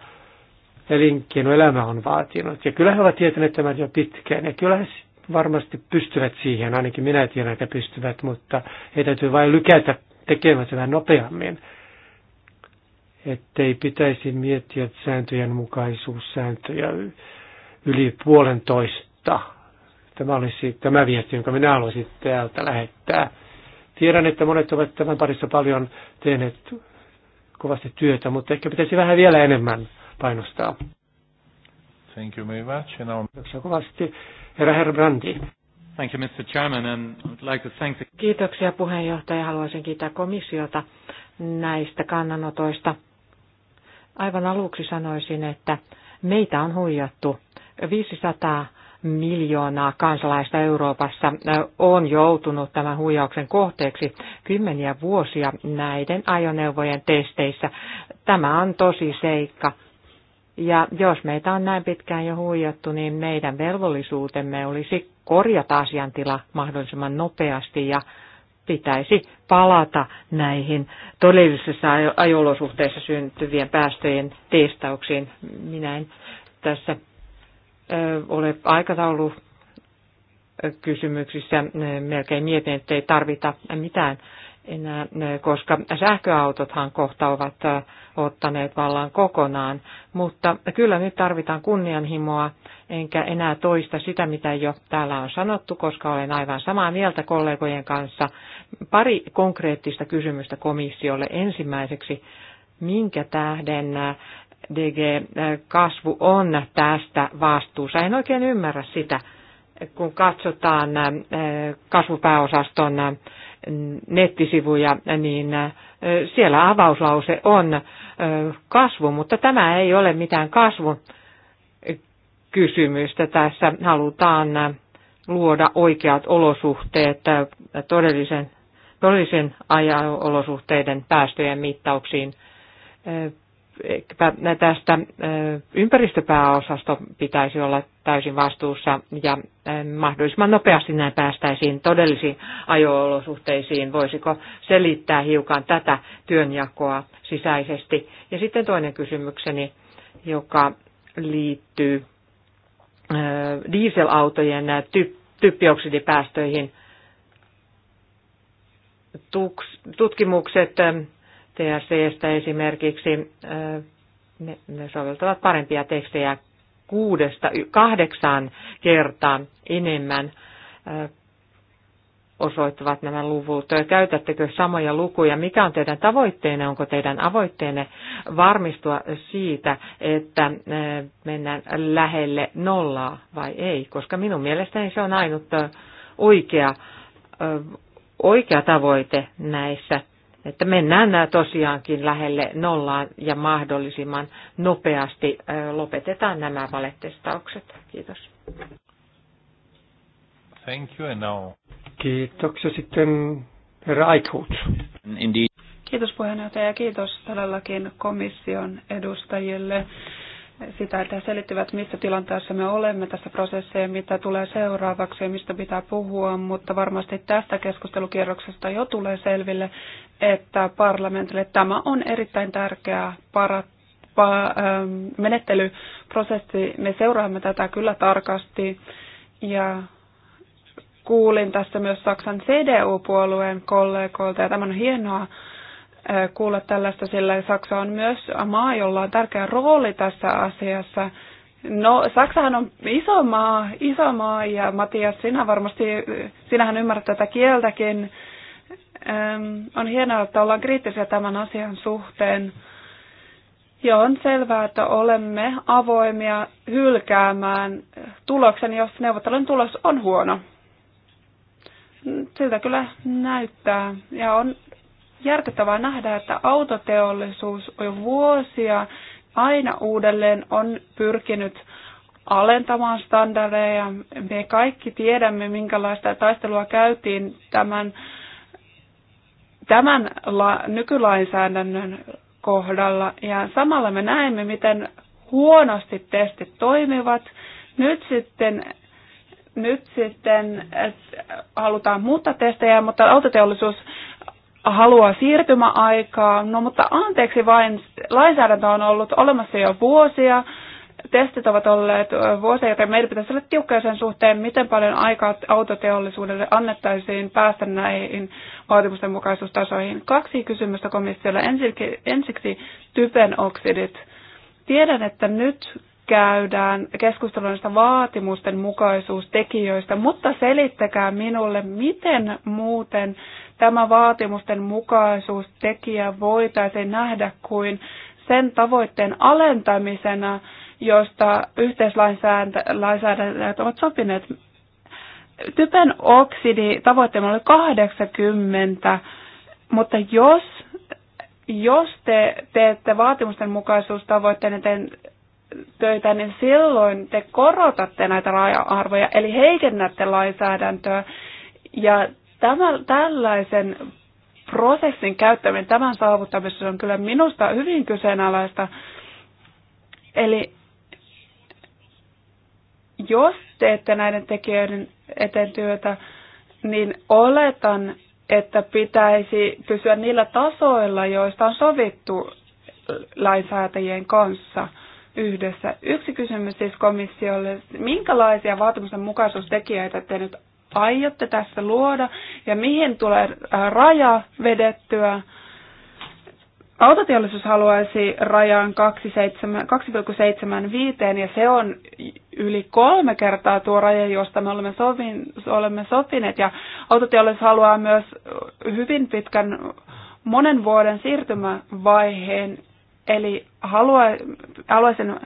elinkeinoelämä on vaatinut. Ja kyllä he ovat tietäneet tämän jo pitkään, ja kyllä he varmasti pystyvät siihen, ainakin minä tiedän, että pystyvät, mutta he täytyy vain lykätä tekemään vähän nopeammin ettei pitäisi miettiä sääntöjen mukaisuussääntöjä yli puolentoista. Tämä olisi tämä viesti, jonka minä haluaisin täältä lähettää. Tiedän, että monet ovat tämän parissa paljon tehneet kovasti työtä, mutta ehkä pitäisi vähän vielä enemmän painostaa. Thank you very much. And Kiitoksia kovasti. Herra Brandi. Thank you, Mr. Chairman, and I'd like to thank the... Kiitoksia puheenjohtaja. Haluaisin kiittää komissiota näistä kannanotoista. Aivan aluksi sanoisin, että meitä on huijattu. 500 miljoonaa kansalaista Euroopassa on joutunut tämän huijauksen kohteeksi kymmeniä vuosia näiden ajoneuvojen testeissä. Tämä on tosi seikka. Ja jos meitä on näin pitkään jo huijattu, niin meidän velvollisuutemme olisi korjata asiantila mahdollisimman nopeasti ja pitäisi palata näihin todellisissa ajolosuhteissa syntyvien päästöjen testauksiin. Minä en tässä ole aikataulu kysymyksissä melkein mietin, että ei tarvita mitään enää, koska sähköautothan kohta ovat ottaneet vallan kokonaan. Mutta kyllä nyt tarvitaan kunnianhimoa, enkä enää toista sitä, mitä jo täällä on sanottu, koska olen aivan samaa mieltä kollegojen kanssa Pari konkreettista kysymystä komissiolle. Ensimmäiseksi, minkä tähden äh, DG-kasvu äh, on tästä vastuussa? En oikein ymmärrä sitä, kun katsotaan äh, kasvupääosaston nettisivuja, niin siellä avauslause on kasvu, mutta tämä ei ole mitään kasvun kysymystä. Tässä halutaan luoda oikeat olosuhteet todellisen todellisen ajanolosuhteiden päästöjen mittauksiin. Tästä eh, ympäristöpääosasto pitäisi olla täysin vastuussa ja eh, mahdollisimman nopeasti näin päästäisiin todellisiin ajoolosuhteisiin. Voisiko selittää hiukan tätä työnjakoa sisäisesti? Ja sitten toinen kysymykseni, joka liittyy eh, dieselautojen typpioksidipäästöihin – tutkimukset ähm, TSCstä esimerkiksi, äh, ne, ne soveltavat parempia tekstejä kuudesta kahdeksaan kertaa enemmän äh, osoittavat nämä luvut. Käytättekö samoja lukuja? Mikä on teidän tavoitteenne? Onko teidän avoitteenne varmistua siitä, että äh, mennään lähelle nollaa vai ei? Koska minun mielestäni se on ainut oikea oikea tavoite näissä, että mennään nämä tosiaankin lähelle nollaan ja mahdollisimman nopeasti lopetetaan nämä valetestaukset. Kiitos. Thank you and now. Kiitoksia sitten herra Eichhout. Kiitos puheenjohtaja ja kiitos todellakin komission edustajille sitä, että he selittyvät, missä tilanteessa me olemme tässä prosessissa ja mitä tulee seuraavaksi ja mistä pitää puhua, mutta varmasti tästä keskustelukierroksesta jo tulee selville, että parlamentille tämä on erittäin tärkeä para, pa, ähm, menettelyprosessi. Me seuraamme tätä kyllä tarkasti ja kuulin tässä myös Saksan CDU-puolueen kollegoilta ja tämä on hienoa kuulla tällaista, sillä Saksa on myös maa, jolla on tärkeä rooli tässä asiassa. No, Saksahan on iso maa, iso maa ja Matias, sinä varmasti, sinähän ymmärrät tätä kieltäkin. on hienoa, että ollaan kriittisiä tämän asian suhteen. Ja on selvää, että olemme avoimia hylkäämään tuloksen, jos neuvottelun tulos on huono. Siltä kyllä näyttää. Ja on järkyttävää nähdä, että autoteollisuus jo vuosia aina uudelleen on pyrkinyt alentamaan standardeja. Me kaikki tiedämme, minkälaista taistelua käytiin tämän, tämän la, nykylainsäädännön kohdalla. Ja samalla me näemme, miten huonosti testit toimivat. Nyt sitten, nyt sitten halutaan muuttaa testejä, mutta autoteollisuus haluaa siirtymäaikaa, no mutta anteeksi vain, lainsäädäntö on ollut olemassa jo vuosia, testit ovat olleet vuosia, joten meidän pitäisi olla tiukkoja sen suhteen, miten paljon aikaa autoteollisuudelle annettaisiin päästä näihin vaatimusten mukaisuustasoihin. Kaksi kysymystä komissiolla. Ensiksi, ensiksi typen oksidit. Tiedän, että nyt käydään keskustelua näistä vaatimusten mukaisuustekijöistä, mutta selittäkää minulle, miten muuten tämä vaatimusten mukaisuustekijä voitaisiin nähdä kuin sen tavoitteen alentamisena, josta yhteislainsäädännöt ovat sopineet. Typen oksidi tavoitteena oli 80, mutta jos jos te teette vaatimusten mukaisuustavoitteen, niin töitä, niin silloin te korotatte näitä raja-arvoja, eli heikennätte lainsäädäntöä. Ja tämän, tällaisen prosessin käyttäminen tämän saavuttamisessa on kyllä minusta hyvin kyseenalaista. Eli jos teette näiden tekijöiden eteen työtä, niin oletan, että pitäisi pysyä niillä tasoilla, joista on sovittu lainsäätäjien kanssa – yhdessä. Yksi kysymys siis komissiolle, minkälaisia vaatimusten mukaisuustekijöitä te nyt aiotte tässä luoda ja mihin tulee äh, raja vedettyä? Autoteollisuus haluaisi rajan 2,75 ja se on yli kolme kertaa tuo raja, josta me olemme, sovin, olemme sopineet. Ja autoteollisuus haluaa myös hyvin pitkän monen vuoden siirtymävaiheen Eli halua, haluaisin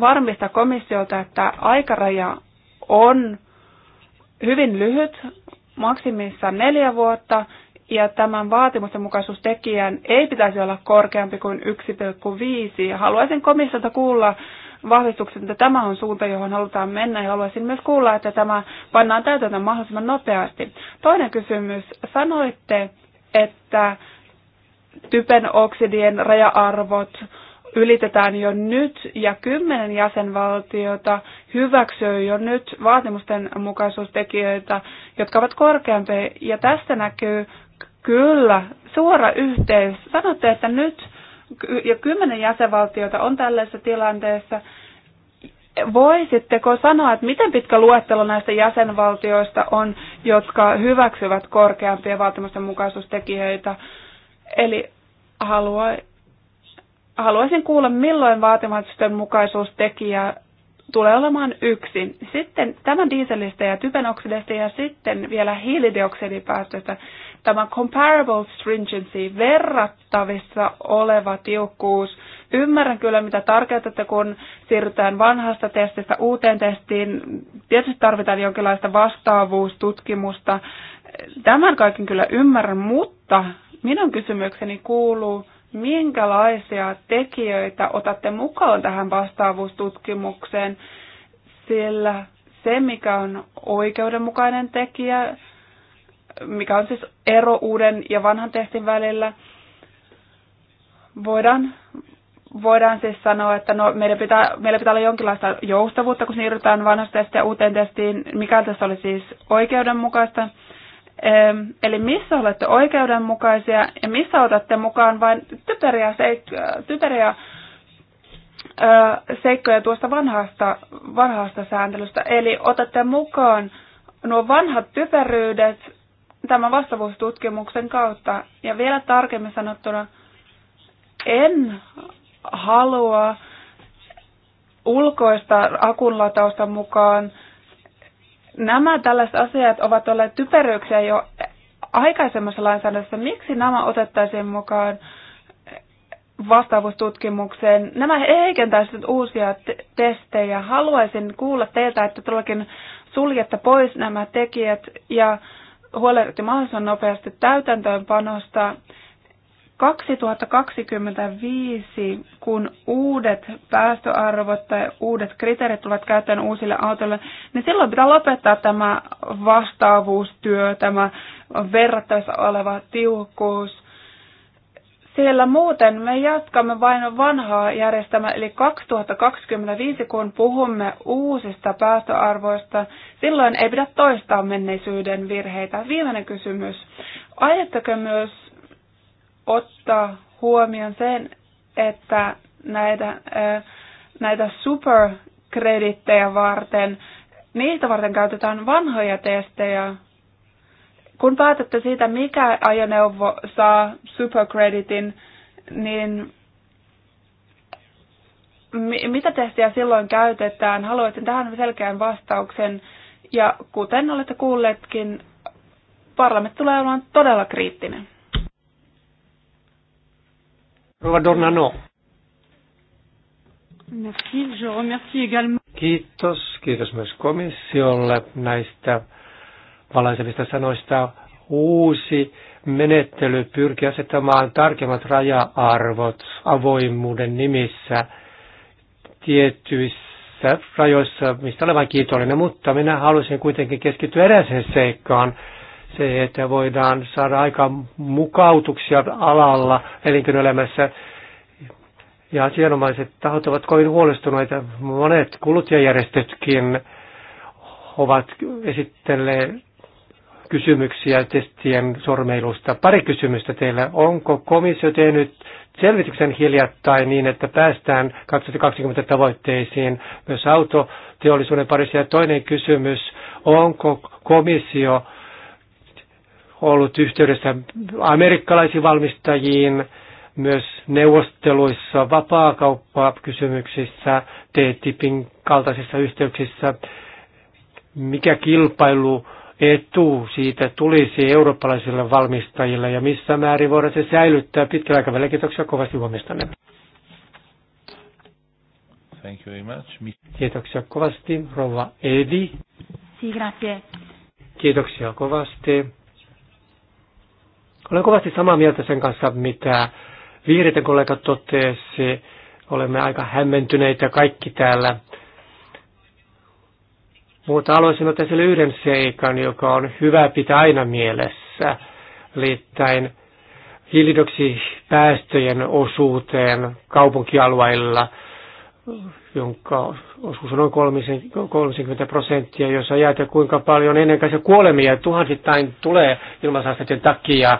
varmistaa komissiolta, että aikaraja on hyvin lyhyt, maksimissaan neljä vuotta, ja tämän vaatimustenmukaisuustekijän ei pitäisi olla korkeampi kuin 1,5. Haluaisin komissiolta kuulla vahvistuksen, että tämä on suunta, johon halutaan mennä, ja haluaisin myös kuulla, että tämä pannaan täytäntöön mahdollisimman nopeasti. Toinen kysymys. Sanoitte, että typen oksidien raja-arvot ylitetään jo nyt ja kymmenen jäsenvaltiota hyväksyy jo nyt vaatimusten mukaisuustekijöitä, jotka ovat korkeampia. Ja tästä näkyy kyllä suora yhteys. Sanotte, että nyt jo kymmenen jäsenvaltiota on tällaisessa tilanteessa. Voisitteko sanoa, että miten pitkä luettelo näistä jäsenvaltioista on, jotka hyväksyvät korkeampia vaatimusten mukaisuustekijöitä? Eli halua, haluaisin kuulla, milloin vaatimusten mukaisuustekijä tulee olemaan yksi. Sitten tämän dieselistä ja typenoksidista ja sitten vielä hiilidioksidipäästöstä tämä comparable stringency, verrattavissa oleva tiukkuus. Ymmärrän kyllä, mitä tarkoitatte, kun siirrytään vanhasta testistä uuteen testiin. Tietysti tarvitaan jonkinlaista vastaavuustutkimusta. Tämän kaiken kyllä ymmärrän, mutta Minun kysymykseni kuuluu, minkälaisia tekijöitä otatte mukaan tähän vastaavuustutkimukseen, sillä se, mikä on oikeudenmukainen tekijä, mikä on siis ero uuden ja vanhan testin välillä, voidaan, voidaan siis sanoa, että no, meidän pitää, meillä pitää olla jonkinlaista joustavuutta, kun siirrytään vanhasta testiä uuteen testiin, mikä tässä oli siis oikeudenmukaista. Eli missä olette oikeudenmukaisia ja missä otatte mukaan vain typeriä, seik- typeriä seikkoja tuosta vanhasta, vanhasta sääntelystä. Eli otatte mukaan nuo vanhat typeryydet tämän vastavuustutkimuksen kautta. Ja vielä tarkemmin sanottuna, en halua ulkoista akunlatausta mukaan nämä tällaiset asiat ovat olleet typeryyksiä jo aikaisemmassa lainsäädännössä. Miksi nämä otettaisiin mukaan vastaavuustutkimukseen? Nämä heikentäisivät uusia testejä. Haluaisin kuulla teiltä, että todellakin suljette pois nämä tekijät ja huolehditte mahdollisimman nopeasti täytäntöönpanosta. panosta 2025, kun uudet päästöarvot tai uudet kriteerit tulevat käyttöön uusille autoille, niin silloin pitää lopettaa tämä vastaavuustyö, tämä verrattavissa oleva tiukkuus. Siellä muuten me jatkamme vain vanhaa järjestelmää, eli 2025, kun puhumme uusista päästöarvoista, silloin ei pidä toistaa menneisyyden virheitä. Viimeinen kysymys. Ajatteko myös ottaa huomioon sen, että näitä, näitä superkredittejä varten, niitä varten käytetään vanhoja testejä. Kun päätätte siitä, mikä ajoneuvo saa superkreditin, niin mitä testiä silloin käytetään? Haluaisin tähän selkeän vastauksen. Ja kuten olette kuulleetkin, parlamentti tulee olemaan todella kriittinen. No. Merci, je remercie également. Kiitos, kiitos myös komissiolle näistä valaisevista sanoista. Uusi menettely pyrki asettamaan tarkemmat raja-arvot avoimuuden nimissä tietyissä rajoissa, mistä olen vain kiitollinen, mutta minä haluaisin kuitenkin keskittyä eräiseen seikkaan, se, että voidaan saada aika mukautuksia alalla elinkeinoelämässä. Ja asianomaiset tahot ovat kovin huolestuneita. Monet kuluttajajärjestötkin ovat esittelleet kysymyksiä testien sormeilusta. Pari kysymystä teillä. Onko komissio tehnyt selvityksen hiljattain niin, että päästään 2020 tavoitteisiin myös autoteollisuuden parissa? Ja toinen kysymys, onko komissio ollut yhteydessä amerikkalaisiin valmistajiin, myös neuvosteluissa, vapaakauppakysymyksissä, TTIPin kaltaisissa yhteyksissä, mikä kilpailu etu siitä tulisi eurooppalaisille valmistajille ja missä määrin voidaan se säilyttää pitkällä aikavälillä. Kiitoksia kovasti huomistanne. Thank you very much. Kiitoksia kovasti, rouva Edi. Si, grazie. Kiitoksia kovasti. Olen kovasti samaa mieltä sen kanssa, mitä vihreiden kollega totesi. Olemme aika hämmentyneitä kaikki täällä. Mutta haluaisin ottaa sille yhden seikan, joka on hyvä pitää aina mielessä, liittäin hiilidioksipäästöjen osuuteen kaupunkialueilla, jonka osuus on noin 30 prosenttia, jos ajatellaan kuinka paljon ennen kaikkea kuolemia tuhansittain tulee ilmansaasteiden takia.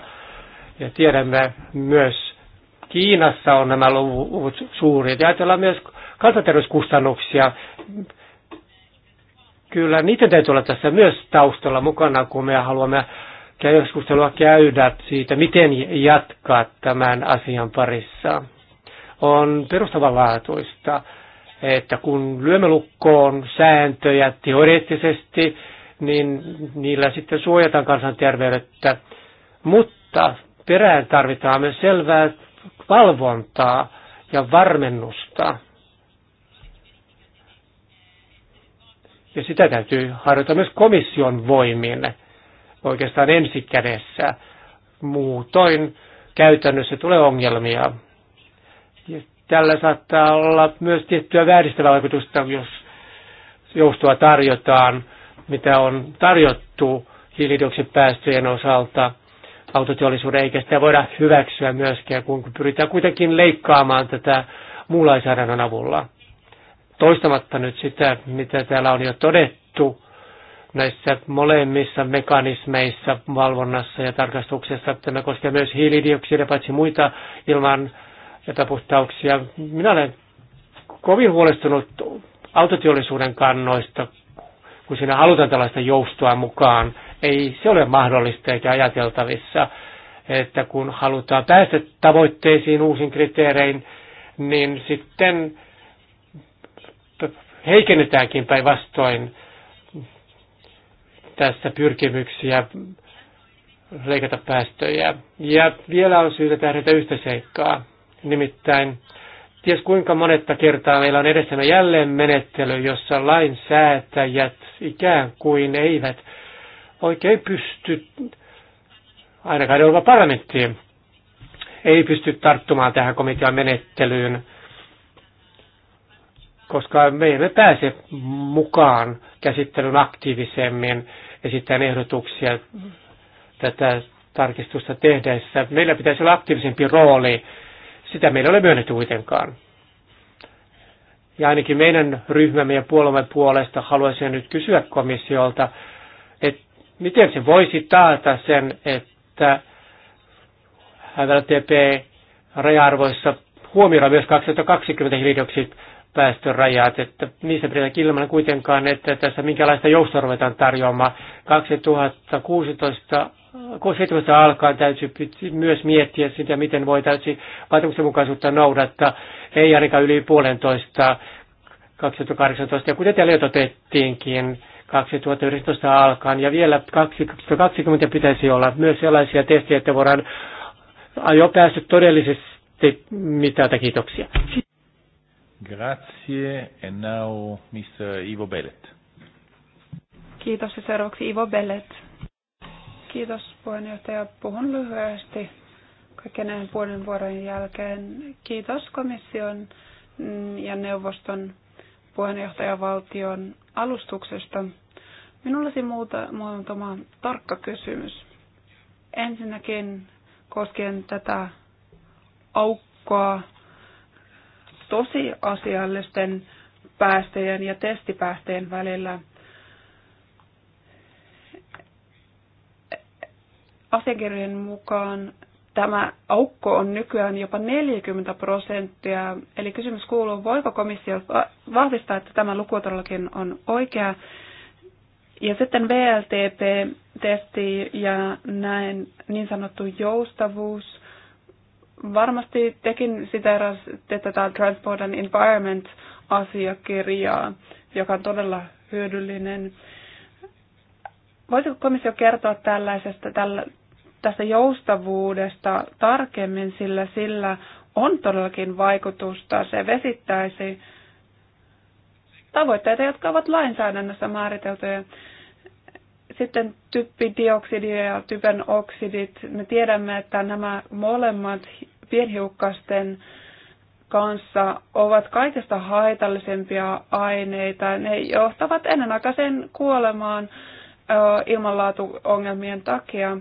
Ja tiedämme myös, Kiinassa on nämä luvut suuret. Ja ajatellaan myös kansanterveyskustannuksia. Kyllä, niitä täytyy olla tässä myös taustalla mukana, kun me haluamme keskustelua käydä siitä, miten jatkaa tämän asian parissa. On perustavanlaatuista, että kun lyömme lukkoon sääntöjä teoreettisesti, niin niillä sitten suojataan kansanterveydettä. mutta perään tarvitaan myös selvää valvontaa ja varmennusta. Ja sitä täytyy harjoittaa myös komission voimin oikeastaan ensikädessä. Muutoin käytännössä tulee ongelmia. Ja tällä saattaa olla myös tiettyä vääristävää vaikutusta, jos joustoa tarjotaan, mitä on tarjottu hiilidioksidipäästöjen osalta – autoteollisuuden, eikä sitä voida hyväksyä myöskään, kun pyritään kuitenkin leikkaamaan tätä muun lainsäädännön avulla. Toistamatta nyt sitä, mitä täällä on jo todettu näissä molemmissa mekanismeissa, valvonnassa ja tarkastuksessa, tämä koskee myös hiilidioksidia, paitsi muita ilman epäpuhtauksia. Minä olen kovin huolestunut autoteollisuuden kannoista, kun siinä halutaan tällaista joustoa mukaan ei se ole mahdollista eikä ajateltavissa, että kun halutaan päästä tavoitteisiin uusin kriteerein, niin sitten heikennetäänkin päinvastoin tässä pyrkimyksiä leikata päästöjä. Ja vielä on syytä tähdätä yhtä seikkaa. Nimittäin, ties kuinka monetta kertaa meillä on edessämme jälleen menettely, jossa lainsäätäjät ikään kuin eivät oikein pysty, ainakaan Euroopan parlamentti ei pysty tarttumaan tähän komitean menettelyyn, koska me emme pääse mukaan käsittelyn aktiivisemmin esittämään ehdotuksia tätä tarkistusta tehdessä. Meillä pitäisi olla aktiivisempi rooli. Sitä meillä ei ole myönnetty kuitenkaan. Ja ainakin meidän ryhmämme ja puolueen puolesta haluaisin nyt kysyä komissiolta, että miten se voisi taata sen, että LTP raja-arvoissa huomioidaan myös 2020 hiilidioksidipäästörajat, että niissä pidetään ilman kuitenkaan, että tässä minkälaista joustoa ruvetaan tarjoamaan. 2016 17 alkaen täytyy myös miettiä sitä, miten voi täysin vaatimuksenmukaisuutta noudattaa, ei ainakaan yli puolentoista 2018. Ja kuten täällä jo totettiinkin, 2019 alkaen. Ja vielä 2020 pitäisi olla myös sellaisia testejä, että voidaan jo päästä todellisesti mitata. Kiitoksia. Grazie. And now Mr. Ivo Bellet. Kiitos ja seuraavaksi Ivo Bellet. Kiitos puheenjohtaja. Puhun lyhyesti kaikkien näiden vuoden jälkeen. Kiitos komission ja neuvoston puheenjohtajavaltion alustuksesta. Minulla olisi muuta, muutama tarkka kysymys. Ensinnäkin koskien tätä aukkoa tosiasiallisten päästöjen ja testipäästöjen välillä. Asiakirjojen mukaan tämä aukko on nykyään jopa 40 prosenttia. Eli kysymys kuuluu, voiko komissio vahvistaa, että tämä luku todellakin on oikea. Ja sitten VLTP-testi ja näin niin sanottu joustavuus. Varmasti tekin siteerasitte tätä Transport and Environment-asiakirjaa, joka on todella hyödyllinen. Voisiko komissio kertoa tällaisesta, tällä, tästä joustavuudesta tarkemmin, sillä sillä on todellakin vaikutusta. Se vesittäisi tavoitteita, jotka ovat lainsäädännössä määriteltyjä. Sitten typpidioksidi ja typen oksidit. Me tiedämme, että nämä molemmat pienhiukkasten kanssa ovat kaikista haitallisempia aineita. Ne johtavat ennenaikaiseen kuolemaan ilmanlaatuongelmien takia.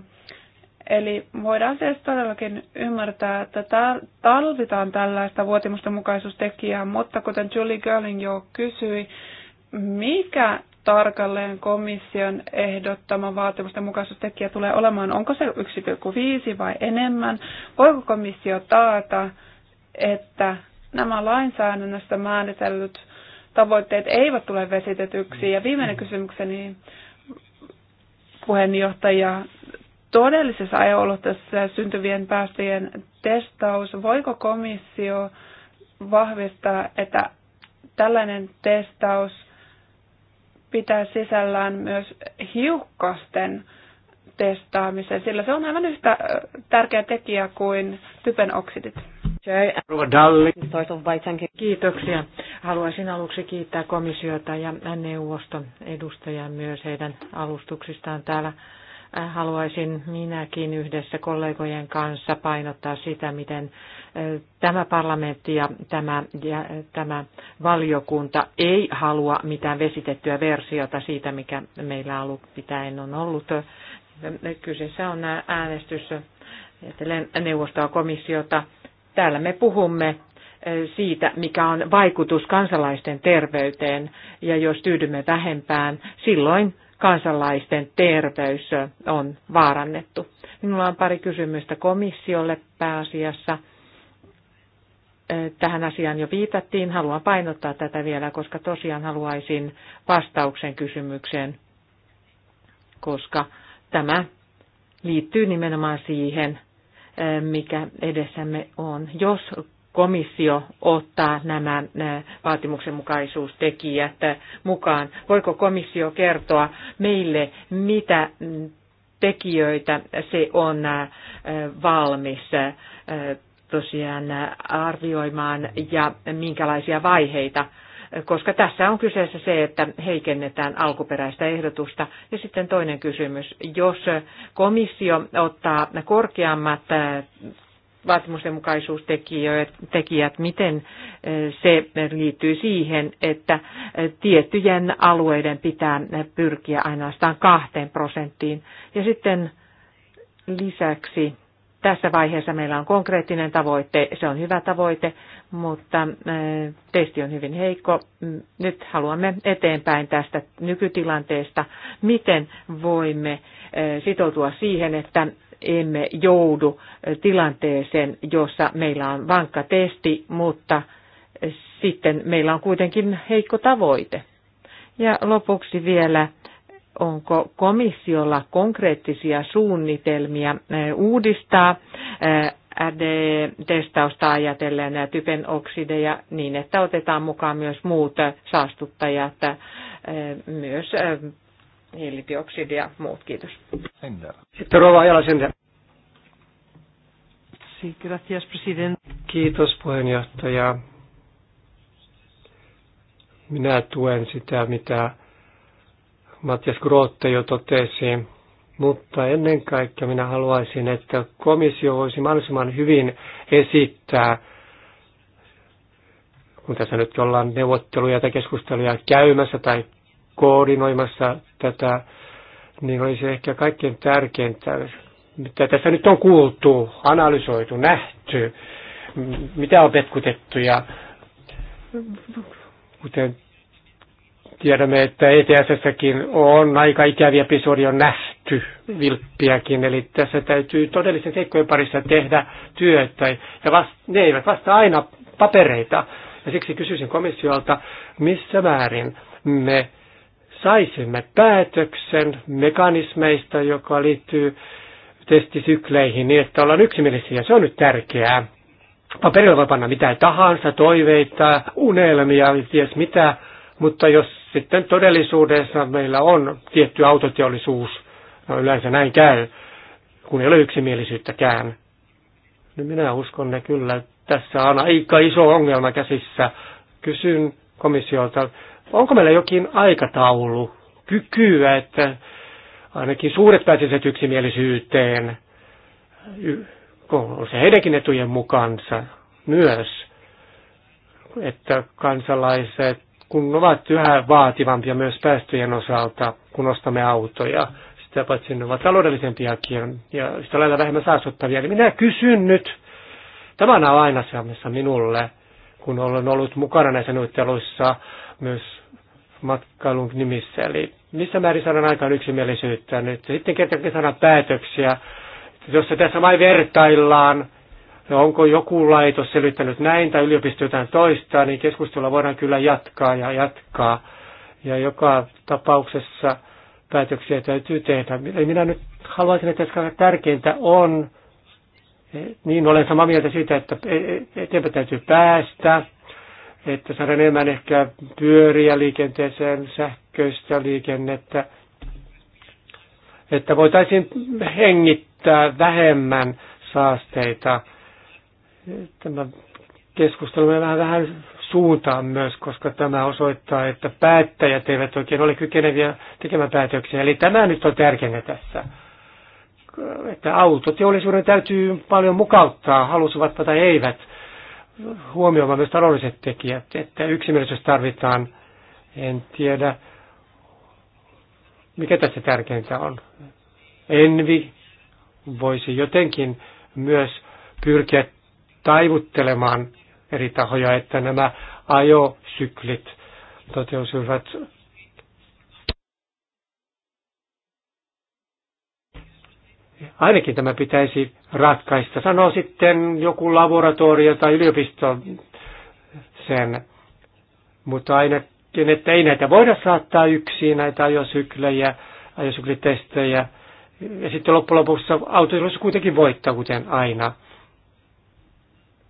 Eli voidaan siis todellakin ymmärtää, että tarvitaan tällaista vuotimustenmukaisuustekijää, mutta kuten Julie Girling jo kysyi, mikä tarkalleen komission ehdottama vaatimustenmukaisuustekijä tulee olemaan? Onko se 1,5 vai enemmän? Voiko komissio taata, että nämä lainsäädännössä määritellyt tavoitteet eivät tule vesitetyksi? Ja viimeinen kysymykseni puheenjohtaja todellisessa ajolotuksessa syntyvien päästöjen testaus, voiko komissio vahvistaa, että tällainen testaus pitää sisällään myös hiukkasten testaamisen, sillä se on aivan yhtä tärkeä tekijä kuin typen oksidit. Kiitoksia. Haluaisin aluksi kiittää komissiota ja neuvoston edustajia myös heidän alustuksistaan täällä Äh, haluaisin minäkin yhdessä kollegojen kanssa painottaa sitä, miten äh, tämä parlamentti ja tämä, ja äh, tämä valiokunta ei halua mitään vesitettyä versiota siitä, mikä meillä alun pitäen on ollut. Kyseessä on äänestys neuvostoa komissiota. Täällä me puhumme siitä, mikä on vaikutus kansalaisten terveyteen, ja jos tyydymme vähempään, silloin kansalaisten terveys on vaarannettu. Minulla on pari kysymystä komissiolle pääasiassa. Tähän asiaan jo viitattiin. Haluan painottaa tätä vielä, koska tosiaan haluaisin vastauksen kysymykseen, koska tämä liittyy nimenomaan siihen, mikä edessämme on. Jos komissio ottaa nämä vaatimuksenmukaisuustekijät mukaan? Voiko komissio kertoa meille, mitä tekijöitä se on valmis tosiaan arvioimaan ja minkälaisia vaiheita, koska tässä on kyseessä se, että heikennetään alkuperäistä ehdotusta. Ja sitten toinen kysymys, jos komissio ottaa korkeammat vaatimustenmukaisuustekijät, miten eh, se liittyy siihen, että eh, tiettyjen alueiden pitää eh, pyrkiä ainoastaan kahteen prosenttiin. Ja sitten lisäksi tässä vaiheessa meillä on konkreettinen tavoite, se on hyvä tavoite, mutta testi on hyvin heikko. Nyt haluamme eteenpäin tästä nykytilanteesta, miten voimme sitoutua siihen, että emme joudu eh, tilanteeseen, jossa meillä on vankka testi, mutta eh, sitten meillä on kuitenkin heikko tavoite. Ja lopuksi vielä, onko komissiolla konkreettisia suunnitelmia eh, uudistaa RD-testausta ajatellen typen oksideja niin, että otetaan mukaan myös muut saastuttajat, myös hiilidioksidi ja muut. Kiitos. Sender. Sitten Rova Ajala Sender. Sí, gracias, Kiitos puheenjohtaja. Minä tuen sitä, mitä Matias Grootte jo totesi, mutta ennen kaikkea minä haluaisin, että komissio voisi mahdollisimman hyvin esittää, kun tässä nyt ollaan neuvotteluja tai keskusteluja käymässä tai koordinoimassa tätä, niin olisi ehkä kaikkein tärkeintä, mitä tässä nyt on kuultu, analysoitu, nähty, mitä on petkutettu ja kuten tiedämme, että ETS-säkin on aika ikäviä episodia nähty vilppiäkin, eli tässä täytyy todellisen seikkojen parissa tehdä työtä, ja vast, ne eivät vasta aina papereita, ja siksi kysyisin komissiolta, missä määrin me saisimme päätöksen mekanismeista, joka liittyy testisykleihin niin, että ollaan yksimielisiä. Se on nyt tärkeää. Paperilla voi panna mitä tahansa, toiveita, unelmia, ties mitä, mutta jos sitten todellisuudessa meillä on tietty autoteollisuus, no yleensä näin käy, kun ei ole yksimielisyyttäkään, niin minä uskon ne kyllä. Tässä on aika iso ongelma käsissä. Kysyn komissiolta, Onko meillä jokin aikataulu, kykyä, että ainakin suuret pääsisivät yksimielisyyteen, on se heidänkin etujen mukaansa myös, että kansalaiset, kun ovat yhä vaativampia myös päästöjen osalta, kun ostamme autoja, sitä paitsi ne ovat taloudellisempiakin ja sitä lailla vähemmän saastuttavia, niin minä kysyn nyt, tämä on aina se, minulle, kun olen ollut mukana näissä neuvotteluissa myös matkailun nimissä. Eli missä määrin sanan aikaan yksimielisyyttä nyt? Sitten kertakin sanan päätöksiä. Jos se tässä vain vertaillaan, no onko joku laitos selittänyt näin tai yliopisto jotain toista, niin keskustelua voidaan kyllä jatkaa ja jatkaa. Ja joka tapauksessa päätöksiä täytyy tehdä. Eli minä nyt haluaisin, että tärkeintä on, niin olen samaa mieltä siitä, että e- e- eteenpäin täytyy päästä että saadaan enemmän ehkä pyöriä liikenteeseen, sähköistä liikennettä, että voitaisiin hengittää vähemmän saasteita. Tämä keskustelu menee vähän, vähän suuntaan myös, koska tämä osoittaa, että päättäjät eivät oikein ole kykeneviä tekemään päätöksiä. Eli tämä nyt on tärkeintä tässä, että autoteollisuuden täytyy paljon mukauttaa, halusivatpa tai eivät huomioimaan myös taloudelliset tekijät, että yksimielisyys tarvitaan. En tiedä, mikä tässä tärkeintä on. Envi voisi jotenkin myös pyrkiä taivuttelemaan eri tahoja, että nämä ajosyklit toteutuisivat Ainakin tämä pitäisi ratkaista. Sano sitten joku laboratorio tai yliopisto sen. Mutta ainakin, että ei näitä voida saattaa yksin, näitä ajosyklejä, ajosyklitestejä. Ja sitten loppujen lopuksi autoilussa kuitenkin voittaa, kuten aina.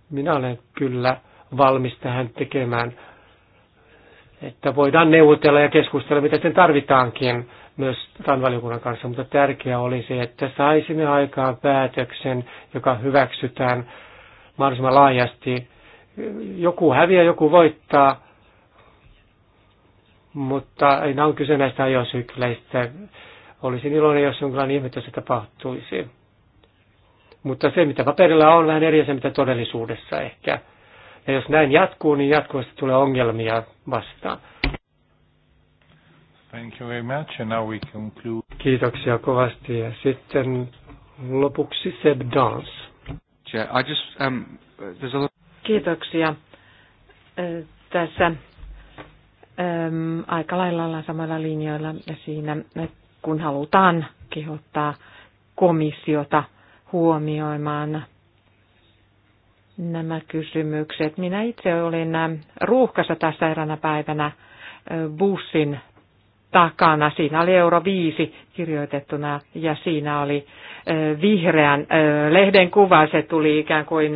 Minä olen kyllä valmis tähän tekemään, että voidaan neuvotella ja keskustella, mitä sen tarvitaankin myös TAN-valiokunnan kanssa, mutta tärkeää oli se, että saisimme aikaan päätöksen, joka hyväksytään mahdollisimman laajasti. Joku häviää, joku voittaa, mutta aina on kyse näistä ajosykleistä. Olisin iloinen, jos jonkinlainen ihme se tapahtuisi. Mutta se, mitä paperilla on, on vähän eri asia, mitä todellisuudessa ehkä. Ja jos näin jatkuu, niin jatkuvasti tulee ongelmia vastaan. Thank you very much. And now we conclude. Kiitoksia kovasti. Ja sitten lopuksi Seb dans. Yeah, I just, um, there's a lot... Kiitoksia. Tässä äm, aika lailla ollaan samalla linjoilla ja siinä, kun halutaan kehottaa komissiota huomioimaan nämä kysymykset. Minä itse olin ähm, ruuhkassa tässä eräänä päivänä äh, bussin takana. Siinä oli euro viisi kirjoitettuna ja siinä oli vihreän lehden kuva. Se tuli ikään kuin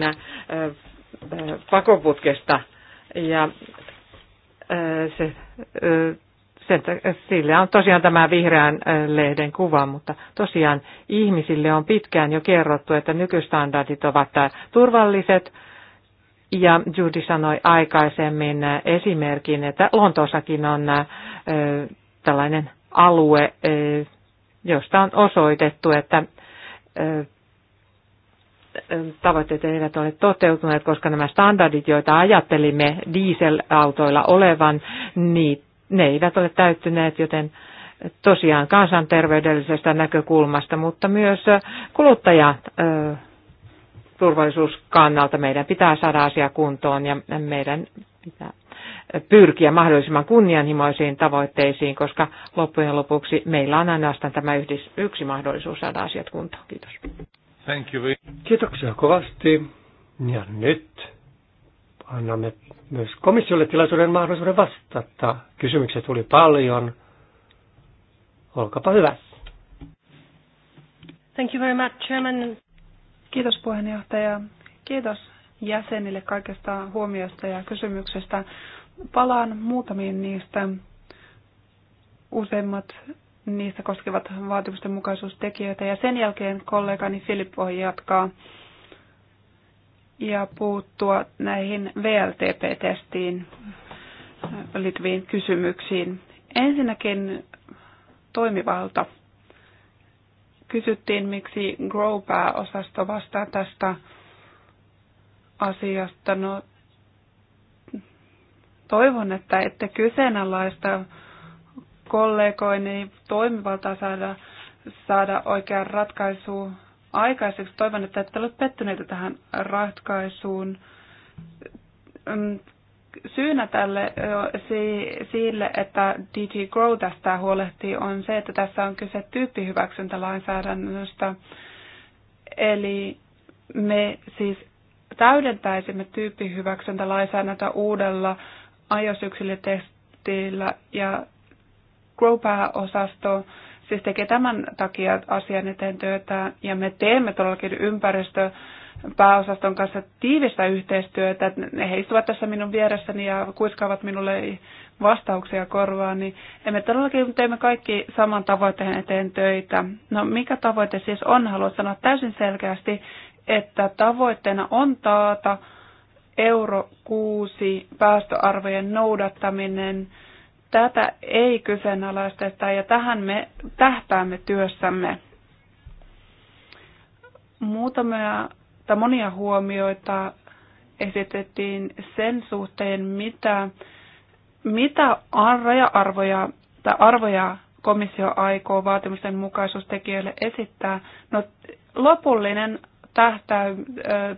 pakoputkesta ja se, se, sille on tosiaan tämä vihreän lehden kuva, mutta tosiaan ihmisille on pitkään jo kerrottu, että nykystandardit ovat turvalliset. Ja Judy sanoi aikaisemmin esimerkin, että Lontoossakin on tällainen alue, e, josta on osoitettu, että e, e, tavoitteet eivät ole toteutuneet, koska nämä standardit, joita ajattelimme dieselautoilla olevan, niin ne eivät ole täyttyneet, joten tosiaan kansanterveydellisestä näkökulmasta, mutta myös kuluttajan turvallisuuskannalta meidän pitää saada asia kuntoon ja meidän pitää pyrkiä mahdollisimman kunnianhimoisiin tavoitteisiin, koska loppujen lopuksi meillä on ainoastaan tämä yhdys, yksi mahdollisuus saada asiat kuntoon. Kiitos. Thank you. Kiitoksia kovasti. Ja nyt annamme myös komissiolle tilaisuuden mahdollisuuden vastata. Kysymyksiä tuli paljon. Olkapa hyvä. Thank you very much, Chairman. Kiitos puheenjohtaja. Kiitos jäsenille kaikesta huomiosta ja kysymyksestä. Palaan muutamiin niistä. Useimmat niistä koskevat vaatimusten mukaisuustekijöitä ja sen jälkeen kollegani Filip voi jatkaa ja puuttua näihin VLTP-testiin liittyviin kysymyksiin. Ensinnäkin toimivalta. Kysyttiin, miksi Grow-pääosasto vastaa tästä asiasta. No, toivon, että ette kyseenalaista kollegoini toimivaltaa saada, saada oikean ratkaisu aikaiseksi. Toivon, että ette ole pettyneitä tähän ratkaisuun. Mm, syynä tälle sille, että DG Grow tästä huolehtii, on se, että tässä on kyse tyyppihyväksyntälainsäädännöstä. Eli me siis täydentäisimme tyyppihyväksyntälainsäädäntöä uudella iOS testillä ja grow osasto siis tekee tämän takia asian eteen työtä ja me teemme todellakin ympäristö pääosaston kanssa tiivistä yhteistyötä. He istuvat tässä minun vieressäni ja kuiskaavat minulle vastauksia korvaan, niin emme todellakin teemme kaikki saman tavoitteen eteen töitä. No mikä tavoite siis on? Haluan sanoa täysin selkeästi, että tavoitteena on taata euro 6 päästöarvojen noudattaminen. Tätä ei kyseenalaisteta ja tähän me tähtäämme työssämme. Muutamia tai monia huomioita esitettiin sen suhteen, mitä, mitä raja-arvoja tai arvoja komissio aikoo vaatimusten mukaisuustekijöille esittää. No, lopullinen tähtäy,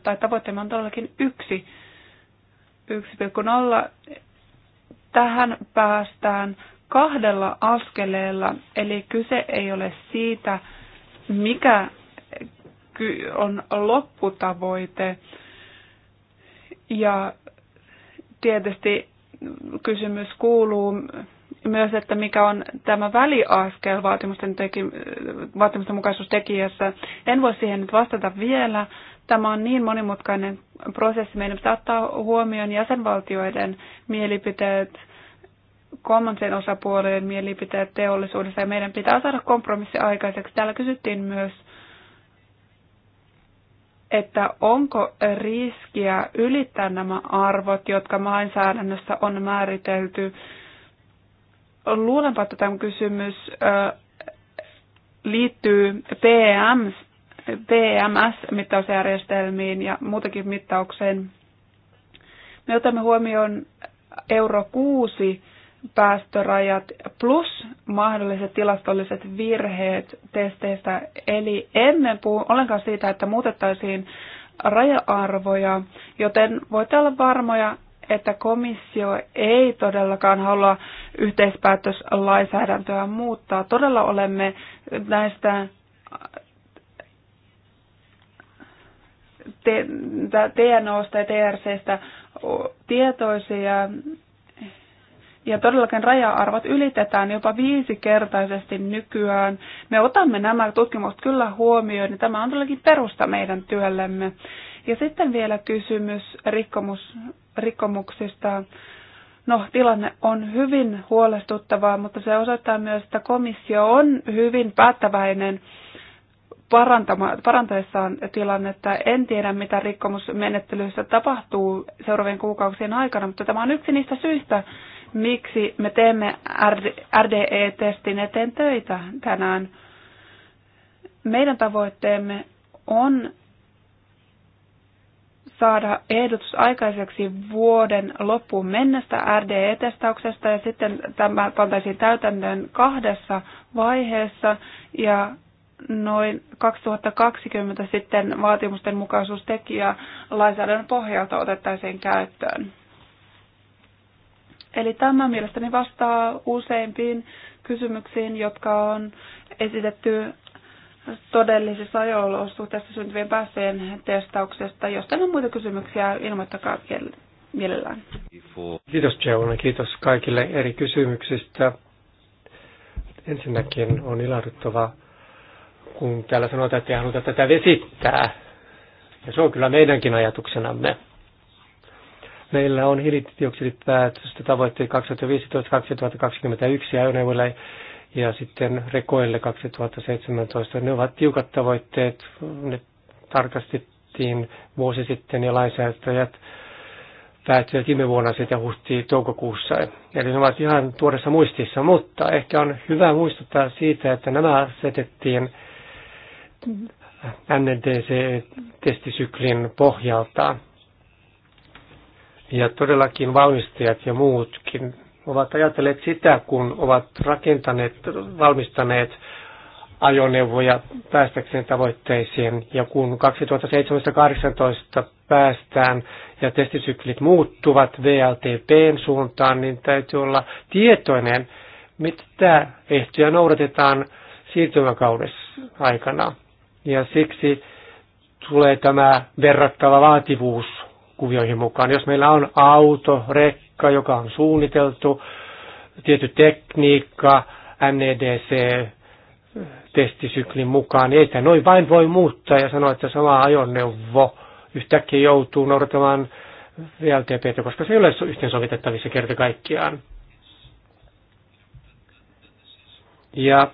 tai tavoitteena on todellakin yksi 1,0. Tähän päästään kahdella askeleella, eli kyse ei ole siitä, mikä on lopputavoite. Ja tietysti kysymys kuuluu myös, että mikä on tämä väliaskel vaatimusten, teki, vaatimusten mukaisuustekijässä. En voi siihen nyt vastata vielä, Tämä on niin monimutkainen prosessi. Meidän pitää ottaa huomioon jäsenvaltioiden mielipiteet, kolmansien osapuolien mielipiteet teollisuudessa ja meidän pitää saada kompromissi aikaiseksi. Täällä kysyttiin myös, että onko riskiä ylittää nämä arvot, jotka lainsäädännössä on määritelty. Luulenpa, että tämä kysymys liittyy PM, PMS-mittausjärjestelmiin ja muutakin mittaukseen. Me otamme huomioon euro 6 päästörajat plus mahdolliset tilastolliset virheet testeistä. Eli emme puhu ollenkaan siitä, että muutettaisiin raja-arvoja, joten voitte olla varmoja, että komissio ei todellakaan halua yhteispäätöslainsäädäntöä muuttaa. Todella olemme näistä TNOsta ja TRCstä tietoisia. Ja todellakin raja-arvot ylitetään jopa viisikertaisesti nykyään. Me otamme nämä tutkimukset kyllä huomioon, niin tämä on todellakin perusta meidän työllemme. Ja sitten vielä kysymys rikkomus, rikkomuksista. No, tilanne on hyvin huolestuttavaa, mutta se osoittaa myös, että komissio on hyvin päättäväinen parantaessaan tilannetta. En tiedä, mitä rikkomusmenettelyissä tapahtuu seuraavien kuukausien aikana, mutta tämä on yksi niistä syistä, miksi me teemme RDE-testin eteen töitä tänään. Meidän tavoitteemme on saada ehdotus aikaiseksi vuoden loppuun mennessä RDE-testauksesta ja sitten tämä pantaisiin täytäntöön kahdessa vaiheessa ja noin 2020 sitten vaatimusten mukaisuustekijä lainsäädännön pohjalta otettaisiin käyttöön. Eli tämä mielestäni vastaa useimpiin kysymyksiin, jotka on esitetty todellisissa ajo-olosuhteissa syntyvien päästöjen testauksesta. Jos teillä on muita kysymyksiä, ilmoittakaa mielellään. Kiitos Jouna, kiitos kaikille eri kysymyksistä. Ensinnäkin on ilahduttavaa kun täällä sanotaan, että ei haluta tätä vesittää. Ja se on kyllä meidänkin ajatuksenamme. Meillä on hiilidioksidipäätöstä tavoitteet 2015-2021 ajoneuvoille ja sitten rekoille 2017. Ne ovat tiukat tavoitteet, ne tarkastettiin vuosi sitten ja lainsäätäjät päättyivät viime vuonna sitten huhti-toukokuussa. Eli ne ovat ihan tuoreessa muistissa, mutta ehkä on hyvä muistuttaa siitä, että nämä asetettiin NDC-testisyklin pohjalta. Ja todellakin valmistajat ja muutkin ovat ajatelleet sitä, kun ovat rakentaneet, valmistaneet ajoneuvoja päästäkseen tavoitteisiin. Ja kun 2017-2018 päästään ja testisyklit muuttuvat VLTPn suuntaan, niin täytyy olla tietoinen, mitä ehtoja noudatetaan siirtymäkaudessa aikana. Ja siksi tulee tämä verrattava vaativuus kuvioihin mukaan. Jos meillä on auto, rekka, joka on suunniteltu, tietty tekniikka, NEDC, testisyklin mukaan, niin ei noin vain voi muuttaa ja sanoa, että sama ajoneuvo yhtäkkiä joutuu noudattamaan VLTP, koska se ei ole sovitettavissa kerta kaikkiaan. Ja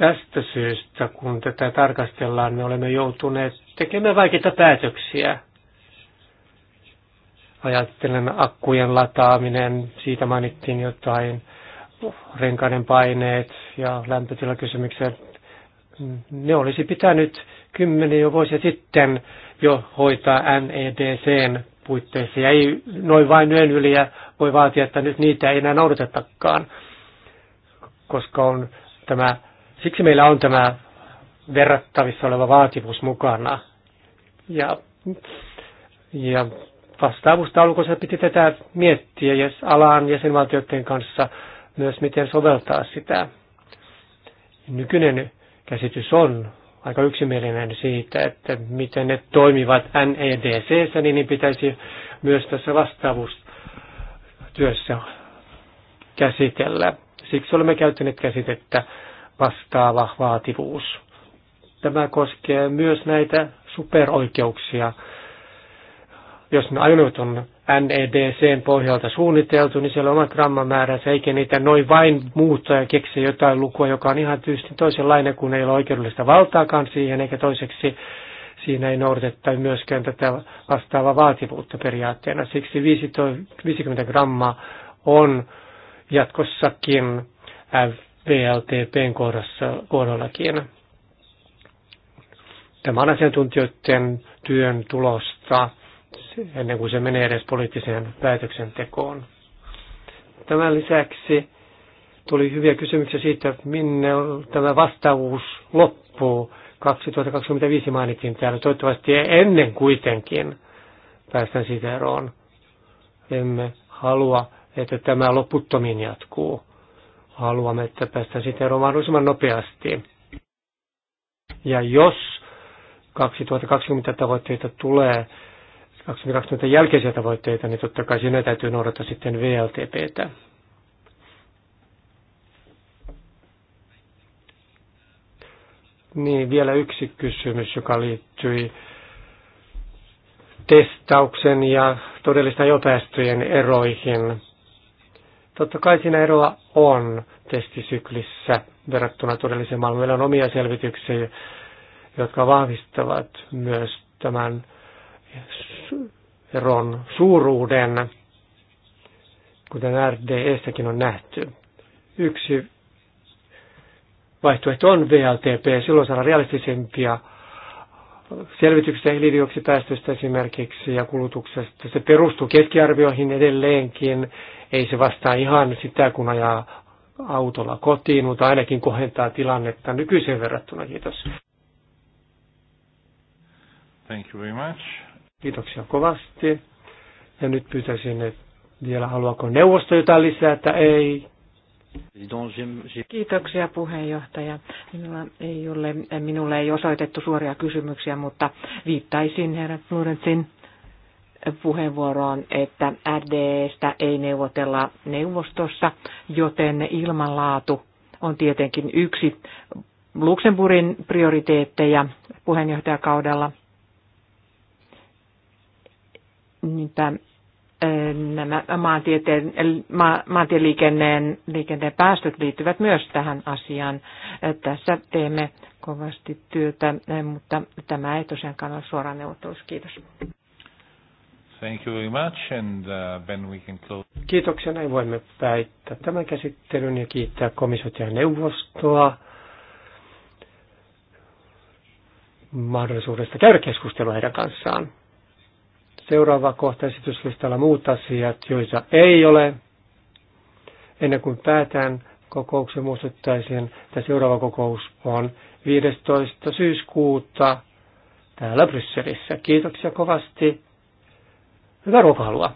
Tästä syystä, kun tätä tarkastellaan, me olemme joutuneet tekemään vaikeita päätöksiä. Ajattelen akkujen lataaminen, siitä mainittiin jotain, renkaiden paineet ja lämpötilakysymykset. Ne olisi pitänyt kymmeniä jo vuosia sitten jo hoitaa NEDCn puitteissa. Ja ei noin vain yön yli ja voi vaatia, että nyt niitä ei enää noudatetakaan, koska on tämä Siksi meillä on tämä verrattavissa oleva vaativuus mukana. Ja, ja vastaavuustaulukossa piti tätä miettiä ja alan jäsenvaltioiden kanssa myös, miten soveltaa sitä. Nykyinen käsitys on aika yksimielinen siitä, että miten ne toimivat NEDC, niin, e niin pitäisi myös tässä vastaavuustyössä käsitellä. Siksi olemme käyttäneet käsitettä vastaava vaativuus. Tämä koskee myös näitä superoikeuksia. Jos ne ajoneuvot on NEDCn e pohjalta suunniteltu, niin siellä on oma grammamääränsä, eikä niitä noin vain muuttaa ja keksiä jotain lukua, joka on ihan tyystin toisenlainen, kun ei ole oikeudellista valtaakaan siihen, eikä toiseksi siinä ei noudatettu myöskään tätä vastaavaa vaativuutta periaatteena. Siksi 50 grammaa on jatkossakin äh, VLTPn kohdassa, kohdallakin. Tämä on asiantuntijoiden työn tulosta ennen kuin se menee edes poliittiseen päätöksentekoon. Tämän lisäksi tuli hyviä kysymyksiä siitä, minne tämä vastaavuus loppuu. 2025 mainitsin täällä. Toivottavasti ennen kuitenkin päästään siitä eroon. Emme halua, että tämä loputtomiin jatkuu haluamme, että päästään siitä eroon mahdollisimman nopeasti. Ja jos 2020 tavoitteita tulee, 2020 jälkeisiä tavoitteita, niin totta kai siinä täytyy noudata sitten VLTPtä. Niin, vielä yksi kysymys, joka liittyi testauksen ja todellisten ajopäästöjen eroihin. Totta kai siinä eroa on testisyklissä verrattuna todelliseen maailmaan. Meillä on omia selvityksiä, jotka vahvistavat myös tämän eron suuruuden, kuten RDEssäkin on nähty. Yksi vaihtoehto on VLTP, silloin saadaan realistisempia selvityksiä hiilidioksipäästöistä esimerkiksi ja kulutuksesta. Se perustuu keskiarvioihin edelleenkin ei se vastaa ihan sitä, kun ajaa autolla kotiin, mutta ainakin kohentaa tilannetta nykyiseen verrattuna. Kiitos. Thank you very much. Kiitoksia kovasti. Ja nyt pyytäisin, että vielä haluaako neuvosto jotain lisää, että ei. Kiitoksia puheenjohtaja. Minulla ei ole, minulle ei osoitettu suoria kysymyksiä, mutta viittaisin herra Florentin puheenvuoroon, että RDEstä ei neuvotella neuvostossa, joten ilmanlaatu on tietenkin yksi Luxemburgin prioriteetteja puheenjohtajakaudella. Niinpä eh, nämä maantieteen, ma, maantieliikenteen liikenteen päästöt liittyvät myös tähän asiaan. Eh, tässä teemme kovasti työtä, eh, mutta tämä ei tosiaankaan ole suoraan neuvottelussa. Kiitos. Thank you very much, and uh, then we can close. Kiitoksia, näin voimme päättää tämän käsittelyn ja kiittää komissiota ja neuvostoa mahdollisuudesta käydä keskustelua heidän kanssaan. Seuraava kohta esityslistalla muut asiat, joita ei ole. Ennen kuin päätään kokouksen muistuttaisiin, että seuraava kokous on 15. syyskuuta täällä Brysselissä. Kiitoksia kovasti Hyvää ruokahalua!